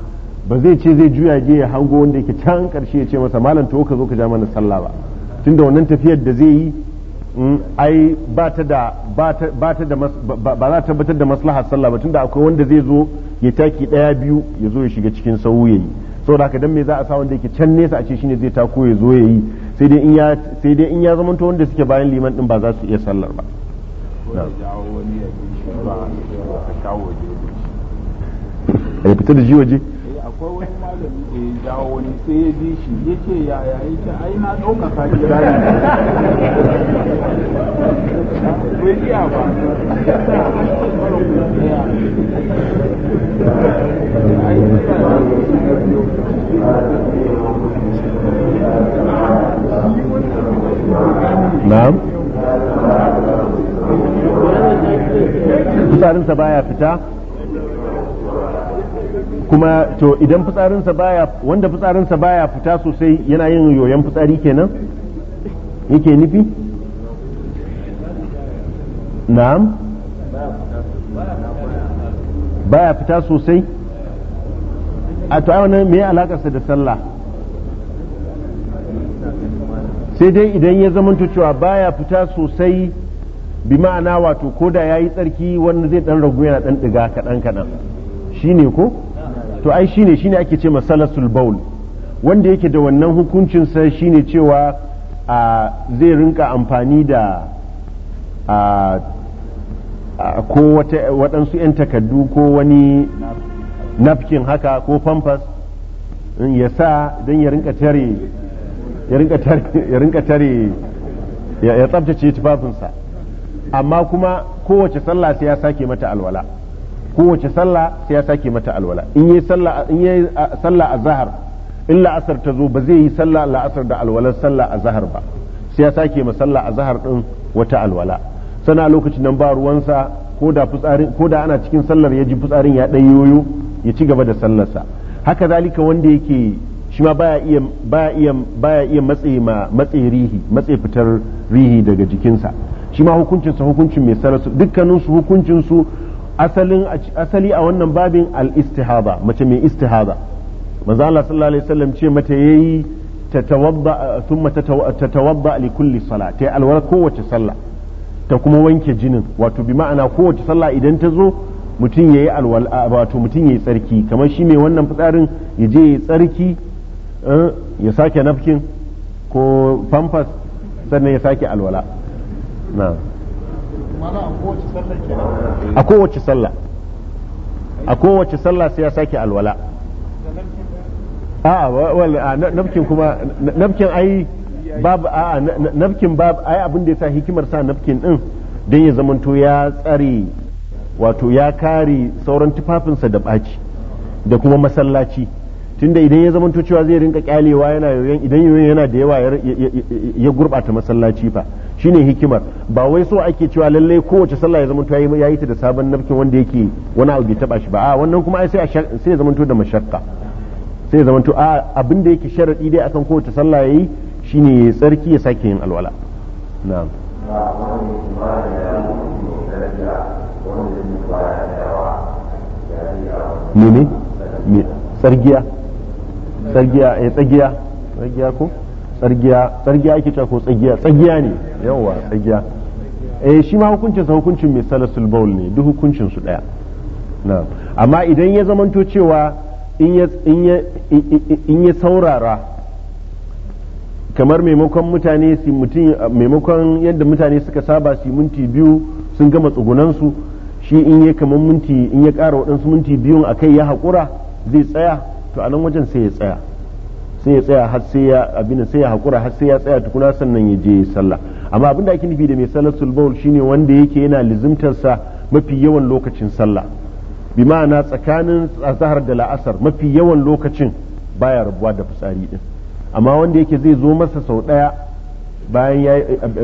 Speaker 1: ba zai ce zai juya je ya hango wanda yake can karshe ya ce masa malam to ka zo ka ja mana sallah ba tun da wannan tafiyar da zai yi ai ba ta da ba ta da ba za ta tabbatar da maslahar sallah ba tunda akwai wanda zai zo ya taki daya biyu ya zo ya shiga cikin sau yayi saboda haka dan me za a sa wanda yake can nesa a ce shine zai tako ya zo yayi sai dai in ya sai dai in ya zamanto wanda suke bayan liman din ba za su iya sallar ba ya fita da ji waje akwai wani malami da ya jawo wani sai ya ji shi ya ce yaya ya ce ai na ɗauka kira ne bai iya ba na'am fitsarinsa baya fita kuma to idan fitsarinsa baya wanda fitsarinsa baya fita sosai yana yin yoyon fitsari kenan yake nufi na'am baya fita sosai a to wannan me alakarsa da sallah sai dai idan ya zamanto cewa baya fita sosai bi ma'ana wato ko da ya yi tsarki wanda zai dan ragu yana dan diga kaɗan kaɗan shi ne ko to ai shine shine ake ce masalasul baul wanda yake da wannan hukuncin sa shine cewa zai rinka amfani da ko waɗansu 'yan takaddu ko wani nafkin haka ko famfas ya sa don ya rinka tare ya rinka tare ya tsabtace tufafinsa amma kuma kowace sallah sai ya sake mata alwala kowace sallah sai ya sake mata alwala in yi sallah in zahar sallah azhar in la'asar ta zo ba zai yi sallah la'asar da alwalar sallah azhar ba sai ya sake ma sallah azhar din wata alwala sana lokacin nan ba ruwansa ko da fitsarin ko da ana cikin sallar ya ji fitsarin ya dan yoyo ya ci gaba da sallarsa haka zalika wanda yake shi ma baya iya baya iya baya iya matse ma matse rihi matse fitar rihi daga jikinsa shi ma hukuncinsa hukuncin mai sarasu dukkanin su hukuncin su asalin asali a wannan babin al mace mai istihaba manzo Allah sallallahu alaihi wasallam ce mata yayi tatawadda thumma tatawadda li kulli salat ta alwala kowace sallah ta kuma wanke jinin wato bi ma'ana kowace sallah idan ta zo mutum yayi alwal wato mutum yayi tsarki kamar shi mai wannan fitsarin ya je yayi tsarki eh, ya sake nafkin ko pampers sannan ya sake alwala na'am a kowace sallah a kowace sallah sai ya sake alwala a'a a nafkin kuma nafkin ai babu a nafkin babu ai abin da yasa hikimar sa nafkin din dan ya zamanto ya tsare wato ya kare sauran tufafinsa da baci da kuma masallaci tunda idan ya zamanto cewa zai rinka kyalewa yana yoyon idan yoyon yana da yawa ya gurbata masallaci fa shine hikimar ba wai so ake cewa lallai kowace sallah ya zamanto ya yi ta da sabon nafkin wanda yake wani abu bai taba shi ba a wannan kuma ai sai sai ya zamanto da mashakka sai ya zamanto a abin da yake sharadi dai akan kowace sallah yayi shine ya tsarki ya sake yin alwala na'am mene sargiya sargiya ya eh, tsagiya tsagiya ko tsargiya tsargiya ake cewa ko tsagiya tsagiya ne yawa tsagiya eh shi ma hukuncin sa hukuncin mai salasul bawl ne duk hukuncin su daya na amma idan ya zamanto cewa in ya in ya in ya saurara kamar maimakon mutane su mutum maimakon yadda mutane suka saba su minti biyu sun gama tsugunan su shi in ya kamar minti in ya kara waɗansu minti biyun akai ya haƙura zai tsaya to a nan wajen sai ya tsaya sai ya tsaya har sai ya abin sai ya hakura har sai ya tsaya tukuna sannan ya je sallah amma abin da ake nufi da mai salatul bawl shine wanda yake yana lizimtar sa mafi yawan lokacin sallah bi ma'ana tsakanin azhar da la'asar mafi yawan lokacin baya rabuwa da fitsari din amma wanda yake zai zo masa sau daya bayan ya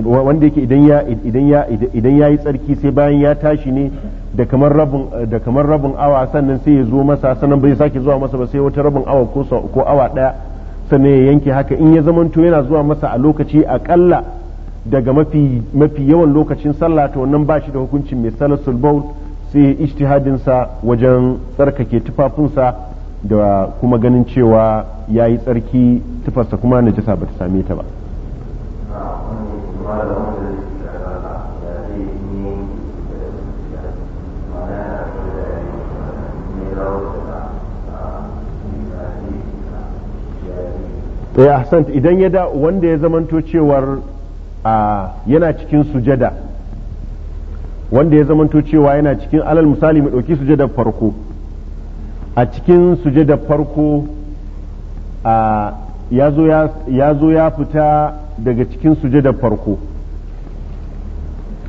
Speaker 1: wanda yake idan ya idan ya idan yayi tsarki sai bayan ya tashi ne da kamar rabin da kamar rabin awa sannan sai ya zo masa sannan bai sake zuwa masa ba sai wata rabin awa ko ko awa daya sane ya yanke haka in ya zamanto yana zuwa masa a lokaci akalla daga mafi mafi yawan lokacin sallah to wannan ba shi da hukuncin mai salasul bawl sai ijtihadin sa wajen tsarkake tufafinsa da kuma ganin cewa yayi tsarki tufarsa kuma najasa bata same ta ba ya ahsant idan ya da wanda ya zamanto cewar yana cikin sujada wanda ya zamanto cewa yana cikin alal misali mu ɗauki sujada farko a cikin sujada farko ya zo ya fita daga cikin sujada farko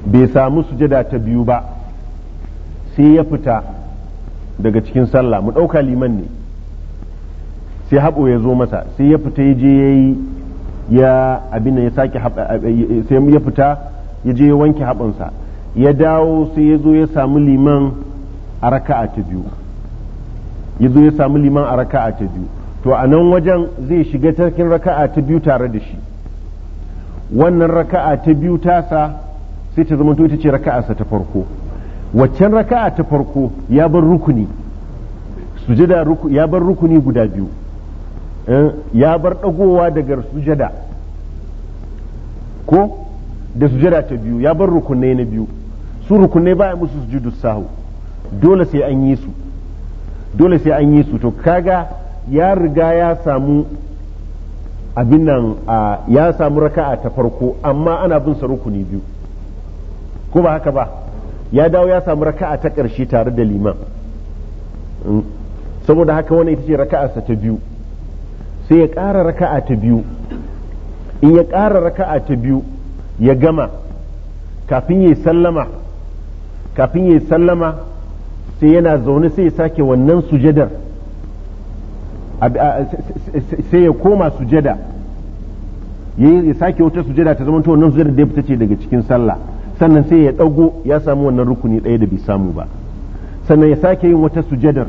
Speaker 1: bai samu sujada ta biyu ba sai ya fita daga cikin sallah mu ɗauka liman ne sai haɓo ya zo masa sai ya fita ya je ya yi ya abin ya sake sai ya fita ya je ya wanke haɓonsa ya dawo sai ya zo ya samu liman a raka'a ta biyu ya zo ya samu liman a raka'a ta biyu to a nan wajen zai shiga cikin raka'a ta biyu tare da shi wannan raka'a ta biyu tasa sai ta zama to ita ce raka'arsa ta farko waccan raka'a ta farko ya bar rukuni sujada ya bar rukuni guda biyu Eh, ya bar ɗagowa daga sujada ko da sujada ta biyu ya bar rukunai na biyu su rukunai ba musu sujudu sahu dole sai an yi su dole sai an yi su to kaga ya riga ya samu abin nan ya samu raka'a ta farko amma ana bin sa rukuni biyu ko ba haka ba ya dawo ya samu raka'a ta ƙarshe tare da liman hmm. saboda haka wani ita ce raka'arsa ta biyu sai ya ƙara raka'a ta biyu in ya ƙara raka'a ta biyu ya gama kafin ya sallama kafin ya sallama sai yana zaune sai ya sake wannan sujadar sai ya koma sujada ya sake wata sujada ta zama wannan sujada da ya fita ce daga cikin sallah sannan sai ya ɗago ya samu wannan rukuni ɗaya da bai samu ba sannan ya sake yin wata sujadar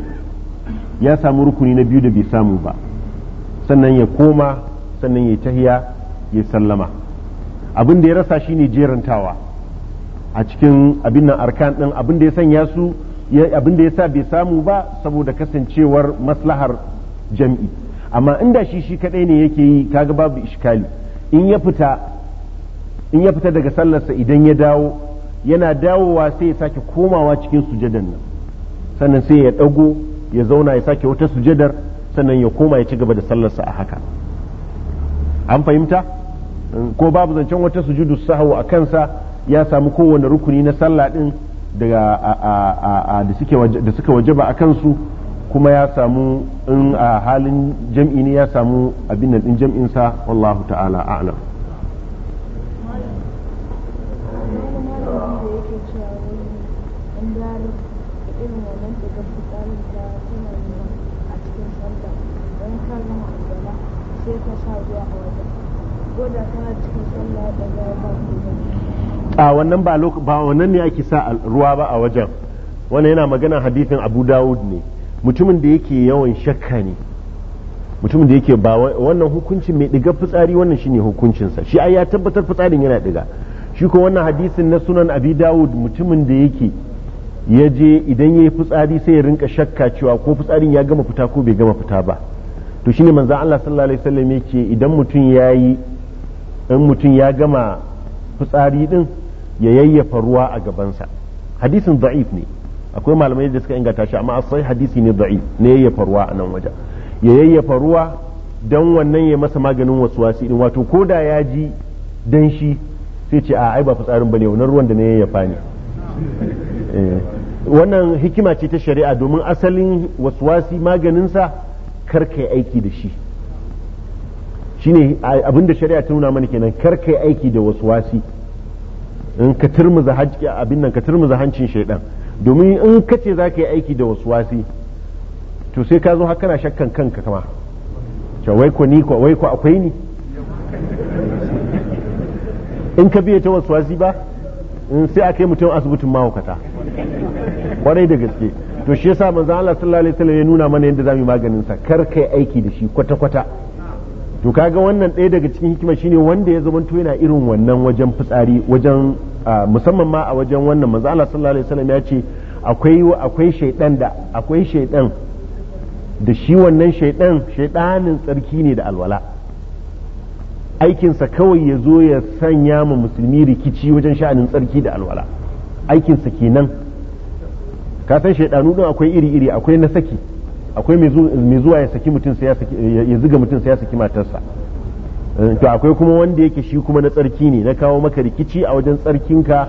Speaker 1: ya samu rukuni na biyu da bai samu ba sannan ya koma sannan ya tahiya ya sallama abin da ya rasa shi ne jerantawa a cikin abin nan arkan ɗin abin da ya sanya su abin da ya sa bai samu ba saboda kasancewar maslahar jam'i amma inda shi shi kaɗai ne yake yi kaga babu iskali in ya fita in ya fita daga sallarsa idan ya dawo yana dawowa sai ya sake komawa cikin sujadan nan sannan sai ya ɗago ya zauna ya sake wata sujadar sannan ya koma ya ci gaba da sallarsa a haka an fahimta ko babu zancen wata sujudu sahu a kansa ya samu kowane rukuni na sallah din daga da suka wajaba a kansu kuma ya samu in a halin jam'i ne ya samu abin nan din jam'insa wallahu ta'ala a'lam a ba a wannan ba ba wannan ne ake sa ruwa ba a wajen wannan yana magana hadithin Abu Dawud ne mutumin da yake yawan shakka ne mutumin da yake ba wannan hukuncin mai diga fitsari wannan shine hukuncinsa shi ai ya tabbatar fitsarin yana diga shi ko wannan hadisin na sunan abi dawud mutumin da yake ya je idan ya yi fitsari sai ya rinka shakka cewa ko fitsarin ya gama fita ko bai gama fita ba to shine manzon Allah sallallahu alaihi wasallam yake idan mutum yayi in mutum ya gama fitsari din ya yayyafa ruwa a gabansa hadisin da'if ne akwai malamai da suka inganta shi amma asai hadisi ne da'if ne yayyafa ruwa a nan waje ya yayyafa ruwa dan wannan ya masa maganin waswasi din wato ko da ya ji danshi sai ce a ai ba fitsarin bane wannan ruwan da ne yayyafa ne eh. wannan hikima ce ta shari'a domin asalin waswasi maganinsa kar yi aiki da shi shine ne abinda shari'a ta nuna mana kenan kar yi aiki da wasu wasi in ka turmuza hajji abin nan ka turmuza hancin shaidan domin in ka ce za ka yi aiki da wasu wasi to sai ka zo haka na shakkan kanka kama wai ko ni ko wai ko akwai ni in ka biya ta wasu wasi ba in sai a kai mutum asibitin mahaukata kwarai da gaske to shi yasa manzo Allah sallallahu alaihi wasallam ya nuna mana yadda zamu maganin sa kar kai aiki da shi kwata kwata to kaga wannan ɗaya daga cikin hikima shine wanda ya to yana irin wannan wajen fitsari wajen musamman ma a wajen wannan manzo Allah sallallahu alaihi wasallam ya ce akwai akwai shaydan da akwai shaydan da shi wannan shaydan shaydanin tsarki ne da alwala aikinsa kawai ya zo ya sanya ma musulmi rikici wajen sha'anin tsarki da alwala aikinsa kenan ka san shaidanu din akwai iri iri akwai na saki akwai mai zuwa ya saki mutum sai ya ziga mutum sai ya saki matarsa eh, to akwai kuma wanda yake shi kuma na tsarki ne na kawo maka rikici a wajen tsarkinka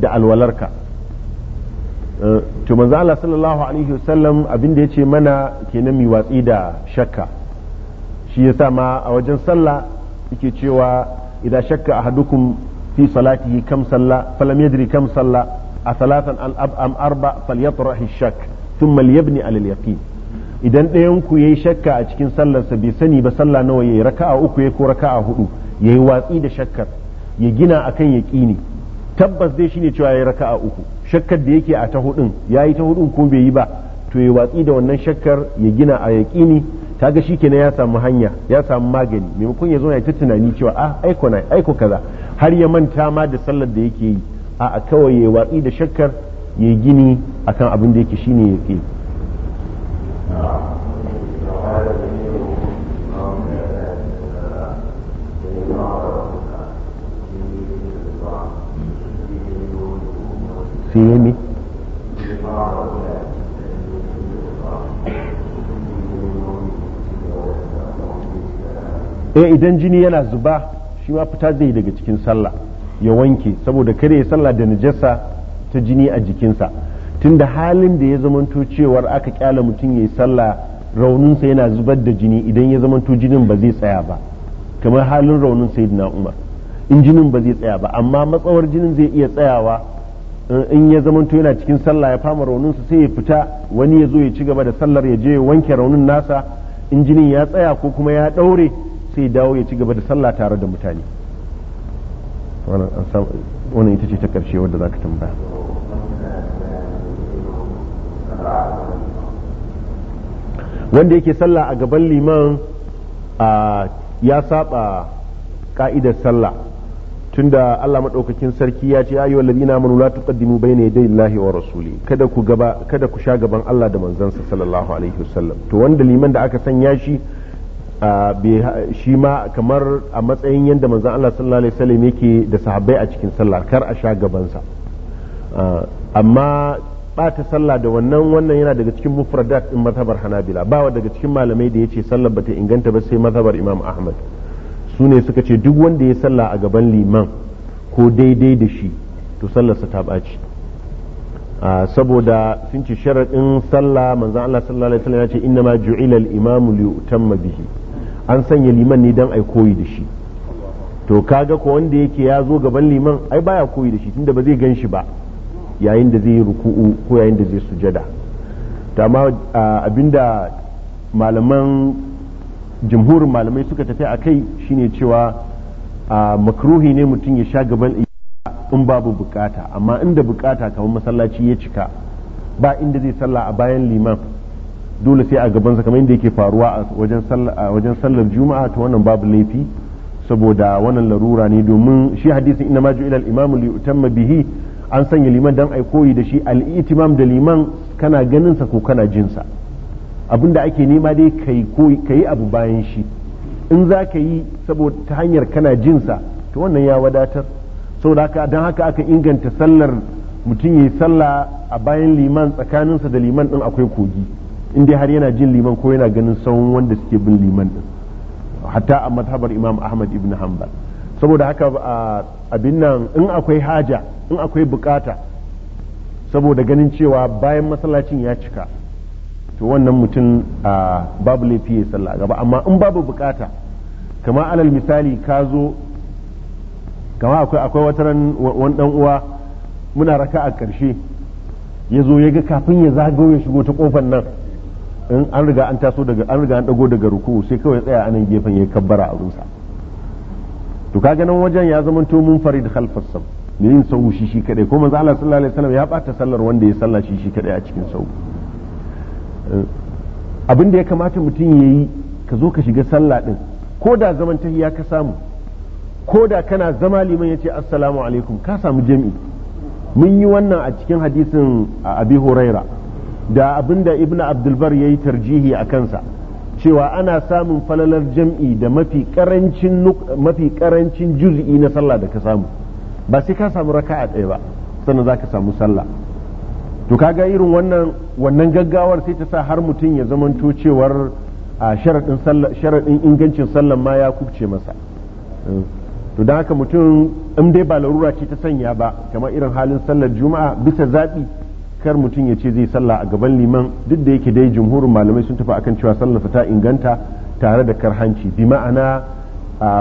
Speaker 1: da alwalarka eh, to manzo Allah sallallahu alaihi wasallam abin da yace mana kenan mi watsi da shakka shi yasa ma a wajen sallah yake cewa idan shakka ahadukum fi salatihi kam salla falam yadri kam salla a salatan am arba falyatrahi shak thumma liyabni alal yaqin idan ɗayan ku yayi shakka a cikin sallarsa bai sani ba sallah nawa yayi raka'a uku yayi ko raka'a hudu yayi watsi da shakkar ya gina akan yaqini tabbas dai shine cewa yayi raka'a uku shakkar da yake a ta hudun yayi ta hudun ko bai yi ba to ya watsi da wannan shakkar ya gina a yaqini kaga shikenan ya samu hanya ya samu magani maimakon ya zo ya ta tunani cewa ah aiko na aiko kaza har ya manta ma da sallar da yake yi a'a kawai ya watsi da shakkar ya gini a kan abin da yake ne ya ke sai eh idan jini yana zuba shi ma fita zai daga cikin sallah ya wanke saboda kare ya sallah da najasa ta jini a jikinsa tunda halin da ya zamanto cewar aka kyala mutum ya yi sallah rauninsa yana zubar da jini idan ya zamanto jinin ba zai tsaya ba kamar halin raunin sayyidina umar in jinin ba zai tsaya ba amma matsawar jinin zai iya tsayawa in ya zamanto yana cikin sallah ya fama rauninsa sai ya fita wani ya zo ya ci gaba da sallar ya je ya wanke raunin nasa in jinin ya tsaya ko kuma ya daure sai ya dawo ya ci gaba da sallah tare da mutane wannan ita ce ta ƙarshe wadda za ka tambaya wanda yake sallah a gaban liman ya saba ka'idar sallah tunda Allah maɗaukakin sarki ya ce ayyuhal ladina amanu la tuqaddimu bayna yaday Allahi wa rasuli kada ku kada ku sha gaban Allah da manzansa sallallahu alaihi wasallam to wanda liman da aka sanya shi shi ma kamar a matsayin yadda manzan Allah sallallahu alaihi wasallam yake da sahabbai a cikin sallah kar a sha gabansa amma bata sallah da wannan wannan yana daga cikin mufradat din mazhabar Hanabila bawa daga cikin malamai da ya ce sallar bata inganta ba sai mazhabar Imam Ahmad su ne suka ce duk wanda ya salla a gaban liman ko daidai da shi to sallarsa ta ɓaci saboda sun ce sharaɗin sallah manzan Allah sallallahu alaihi wasallam ya ce inna ma ju'ila al-imamu li tamma bihi an sanya liman ne don ai koyi da shi to kaga ko wanda yake ya zo gaban liman ai baya koyi da shi tunda ba zai gan shi ba yayin da zai yi ruku'u ko yayin da zai sujada to amma abinda malaman jumhurin malamai suka tafi a kai shine cewa makruhi ne mutum ya sha gaban in babu bukata amma inda bukata kamar masallaci ya cika ba inda zai sallah a bayan liman dole sai a gabansa kamar yadda yake faruwa a wajen sallar juma'a ta wannan babu laifi saboda wannan larura ne domin shi hadisin inna ma ju'ila al-imamu li yutamma bihi an sanya liman dan ai koyi da shi al-itimam da liman kana ganin sa ko kana jin sa abinda ake nema dai kai koyi kai abu bayan shi in za ka yi saboda ta hanyar kana jin sa to wannan ya wadatar saboda haka dan haka aka inganta sallar mutum yayi sallah a bayan liman tsakaninsa da liman din akwai kogi in dai har yana jin liman ko yana ganin sauran wanda suke bin liman din hatta a madhabar imam ahmad ibn hanbal saboda haka abin nan in akwai haja in akwai bukata saboda ganin cewa bayan masallacin ya cika to wannan mutum babu laifi ya sallah gaba amma in babu bukata kama alal misali ka zo kama akwai akwai wata ran wani dan uwa muna raka a karshe ya zo ya ga kafin ya zagayo ya shigo ta kofar nan in an riga an taso daga an riga an dago daga ruku sai kawai tsaya anan gefen yayi kabbara a rusa to kaga nan wajen ya zama to mun farid khalfas sam ne yin sahu shi shi kadai ko manzo Allah sallallahu alaihi wasallam ya bata sallar wanda ya salla shi shi kadai a cikin sahu eh, abin da ya kamata mutum yayi ka zo ka shiga salla din ko da zaman tahiya ka samu ko da kana zama liman yace assalamu alaikum ka samu jami'i mun yi wannan a cikin hadisin abi huraira da abinda ibn abdulbar ya yi tarjihi a kansa cewa ana samun falalar jam'i da mafi karancin mafi na sallah da ka samu ba sai ka samu raka'a ɗaya ba sannan za ka samu sallah to kaga irin wannan gaggawar sai ta sa har mutum ya zamanto cewar a sharaɗin ingancin sallar ma ya kubce masa to don haka mutum in dai ba larura ce ta sanya ba kamar irin halin sallar juma'a bisa zaɓi kar mutum ya ce zai sallah a gaban liman duk da yake dai jumhurin malamai sun tafi akan cewa sallar ta inganta tare da karhanci bi ma'ana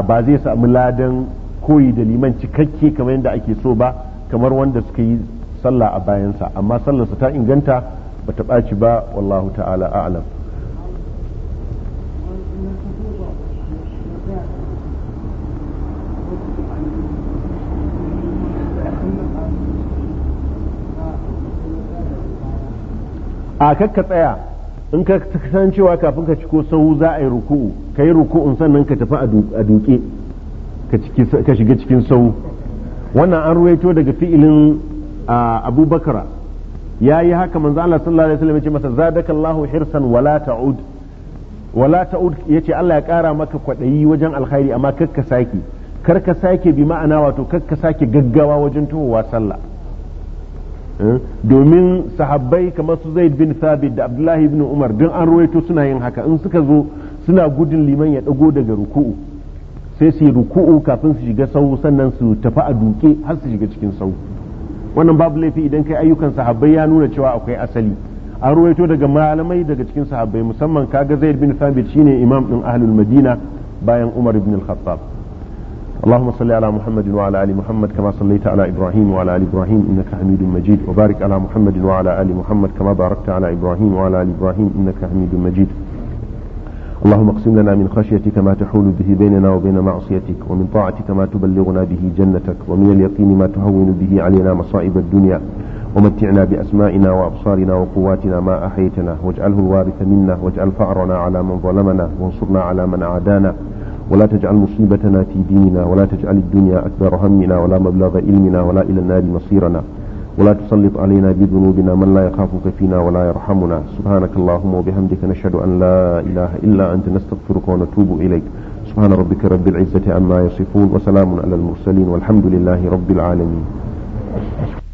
Speaker 1: ba zai samu ladan koyi da liman cikakke kamar yadda ake so ba kamar wanda suka yi sallah a bayansa amma sallarsa ta inganta bata ɓaci ba wallahu ta'ala a'lam a kakka tsaya in ka san cewa kafin ka ciko sau za a yi ruku'u ka yi ruku'un sannan ka tafi a duke ka shiga cikin sau wannan an ruwaito daga fi'ilin abubakar ya yi haka manzo Allah sallallahu alaihi wasallam ya ce masa zadaka Allahu hirsan wala ta'ud wala ta'ud Allah ya kara maka kwaɗayi wajen alkhairi amma kakka sake kar ka sake bi ma'ana wato kakka sake gaggawa wajen tuwa sallah Eh? domin sahabbai kamar su zaid bin sabit da abdullahi bin umar don an ruwaito suna yin haka in suka zo suna gudun liman ya dago daga ruku'u sai su yi ruku'u kafin su shiga sau sannan su tafi a duke har su shiga cikin sau wannan babu laifi idan kai ayyukan sahabbai ya nuna cewa akwai asali an ruwaito daga malamai daga cikin sahabbai musamman kaga zaid bin shi shine imam din ahlul madina bayan umar ibn al-khattab اللهم صل على محمد وعلى آل محمد كما صليت على إبراهيم وعلى آل إبراهيم إنك حميد مجيد وبارك على محمد وعلى آل محمد كما باركت على إبراهيم وعلى آل إبراهيم إنك حميد مجيد اللهم اقسم لنا من خشيتك ما تحول به بيننا وبين معصيتك ومن طاعتك ما تبلغنا به جنتك ومن اليقين ما تهون به علينا مصائب الدنيا ومتعنا بأسمائنا وأبصارنا وقواتنا ما أحيتنا واجعله الوارث منا واجعل فأرنا على من ظلمنا وانصرنا على من عادانا ولا تجعل مصيبتنا في ديننا ولا تجعل الدنيا أكبر همنا ولا مبلغ علمنا ولا إلى النار مصيرنا ولا تسلط علينا بذنوبنا من لا يخافك فينا ولا يرحمنا سبحانك اللهم وبحمدك نشهد أن لا إله إلا أنت نستغفرك ونتوب إليك سبحان ربك رب العزة عما يصفون وسلام على المرسلين والحمد لله رب
Speaker 3: العالمين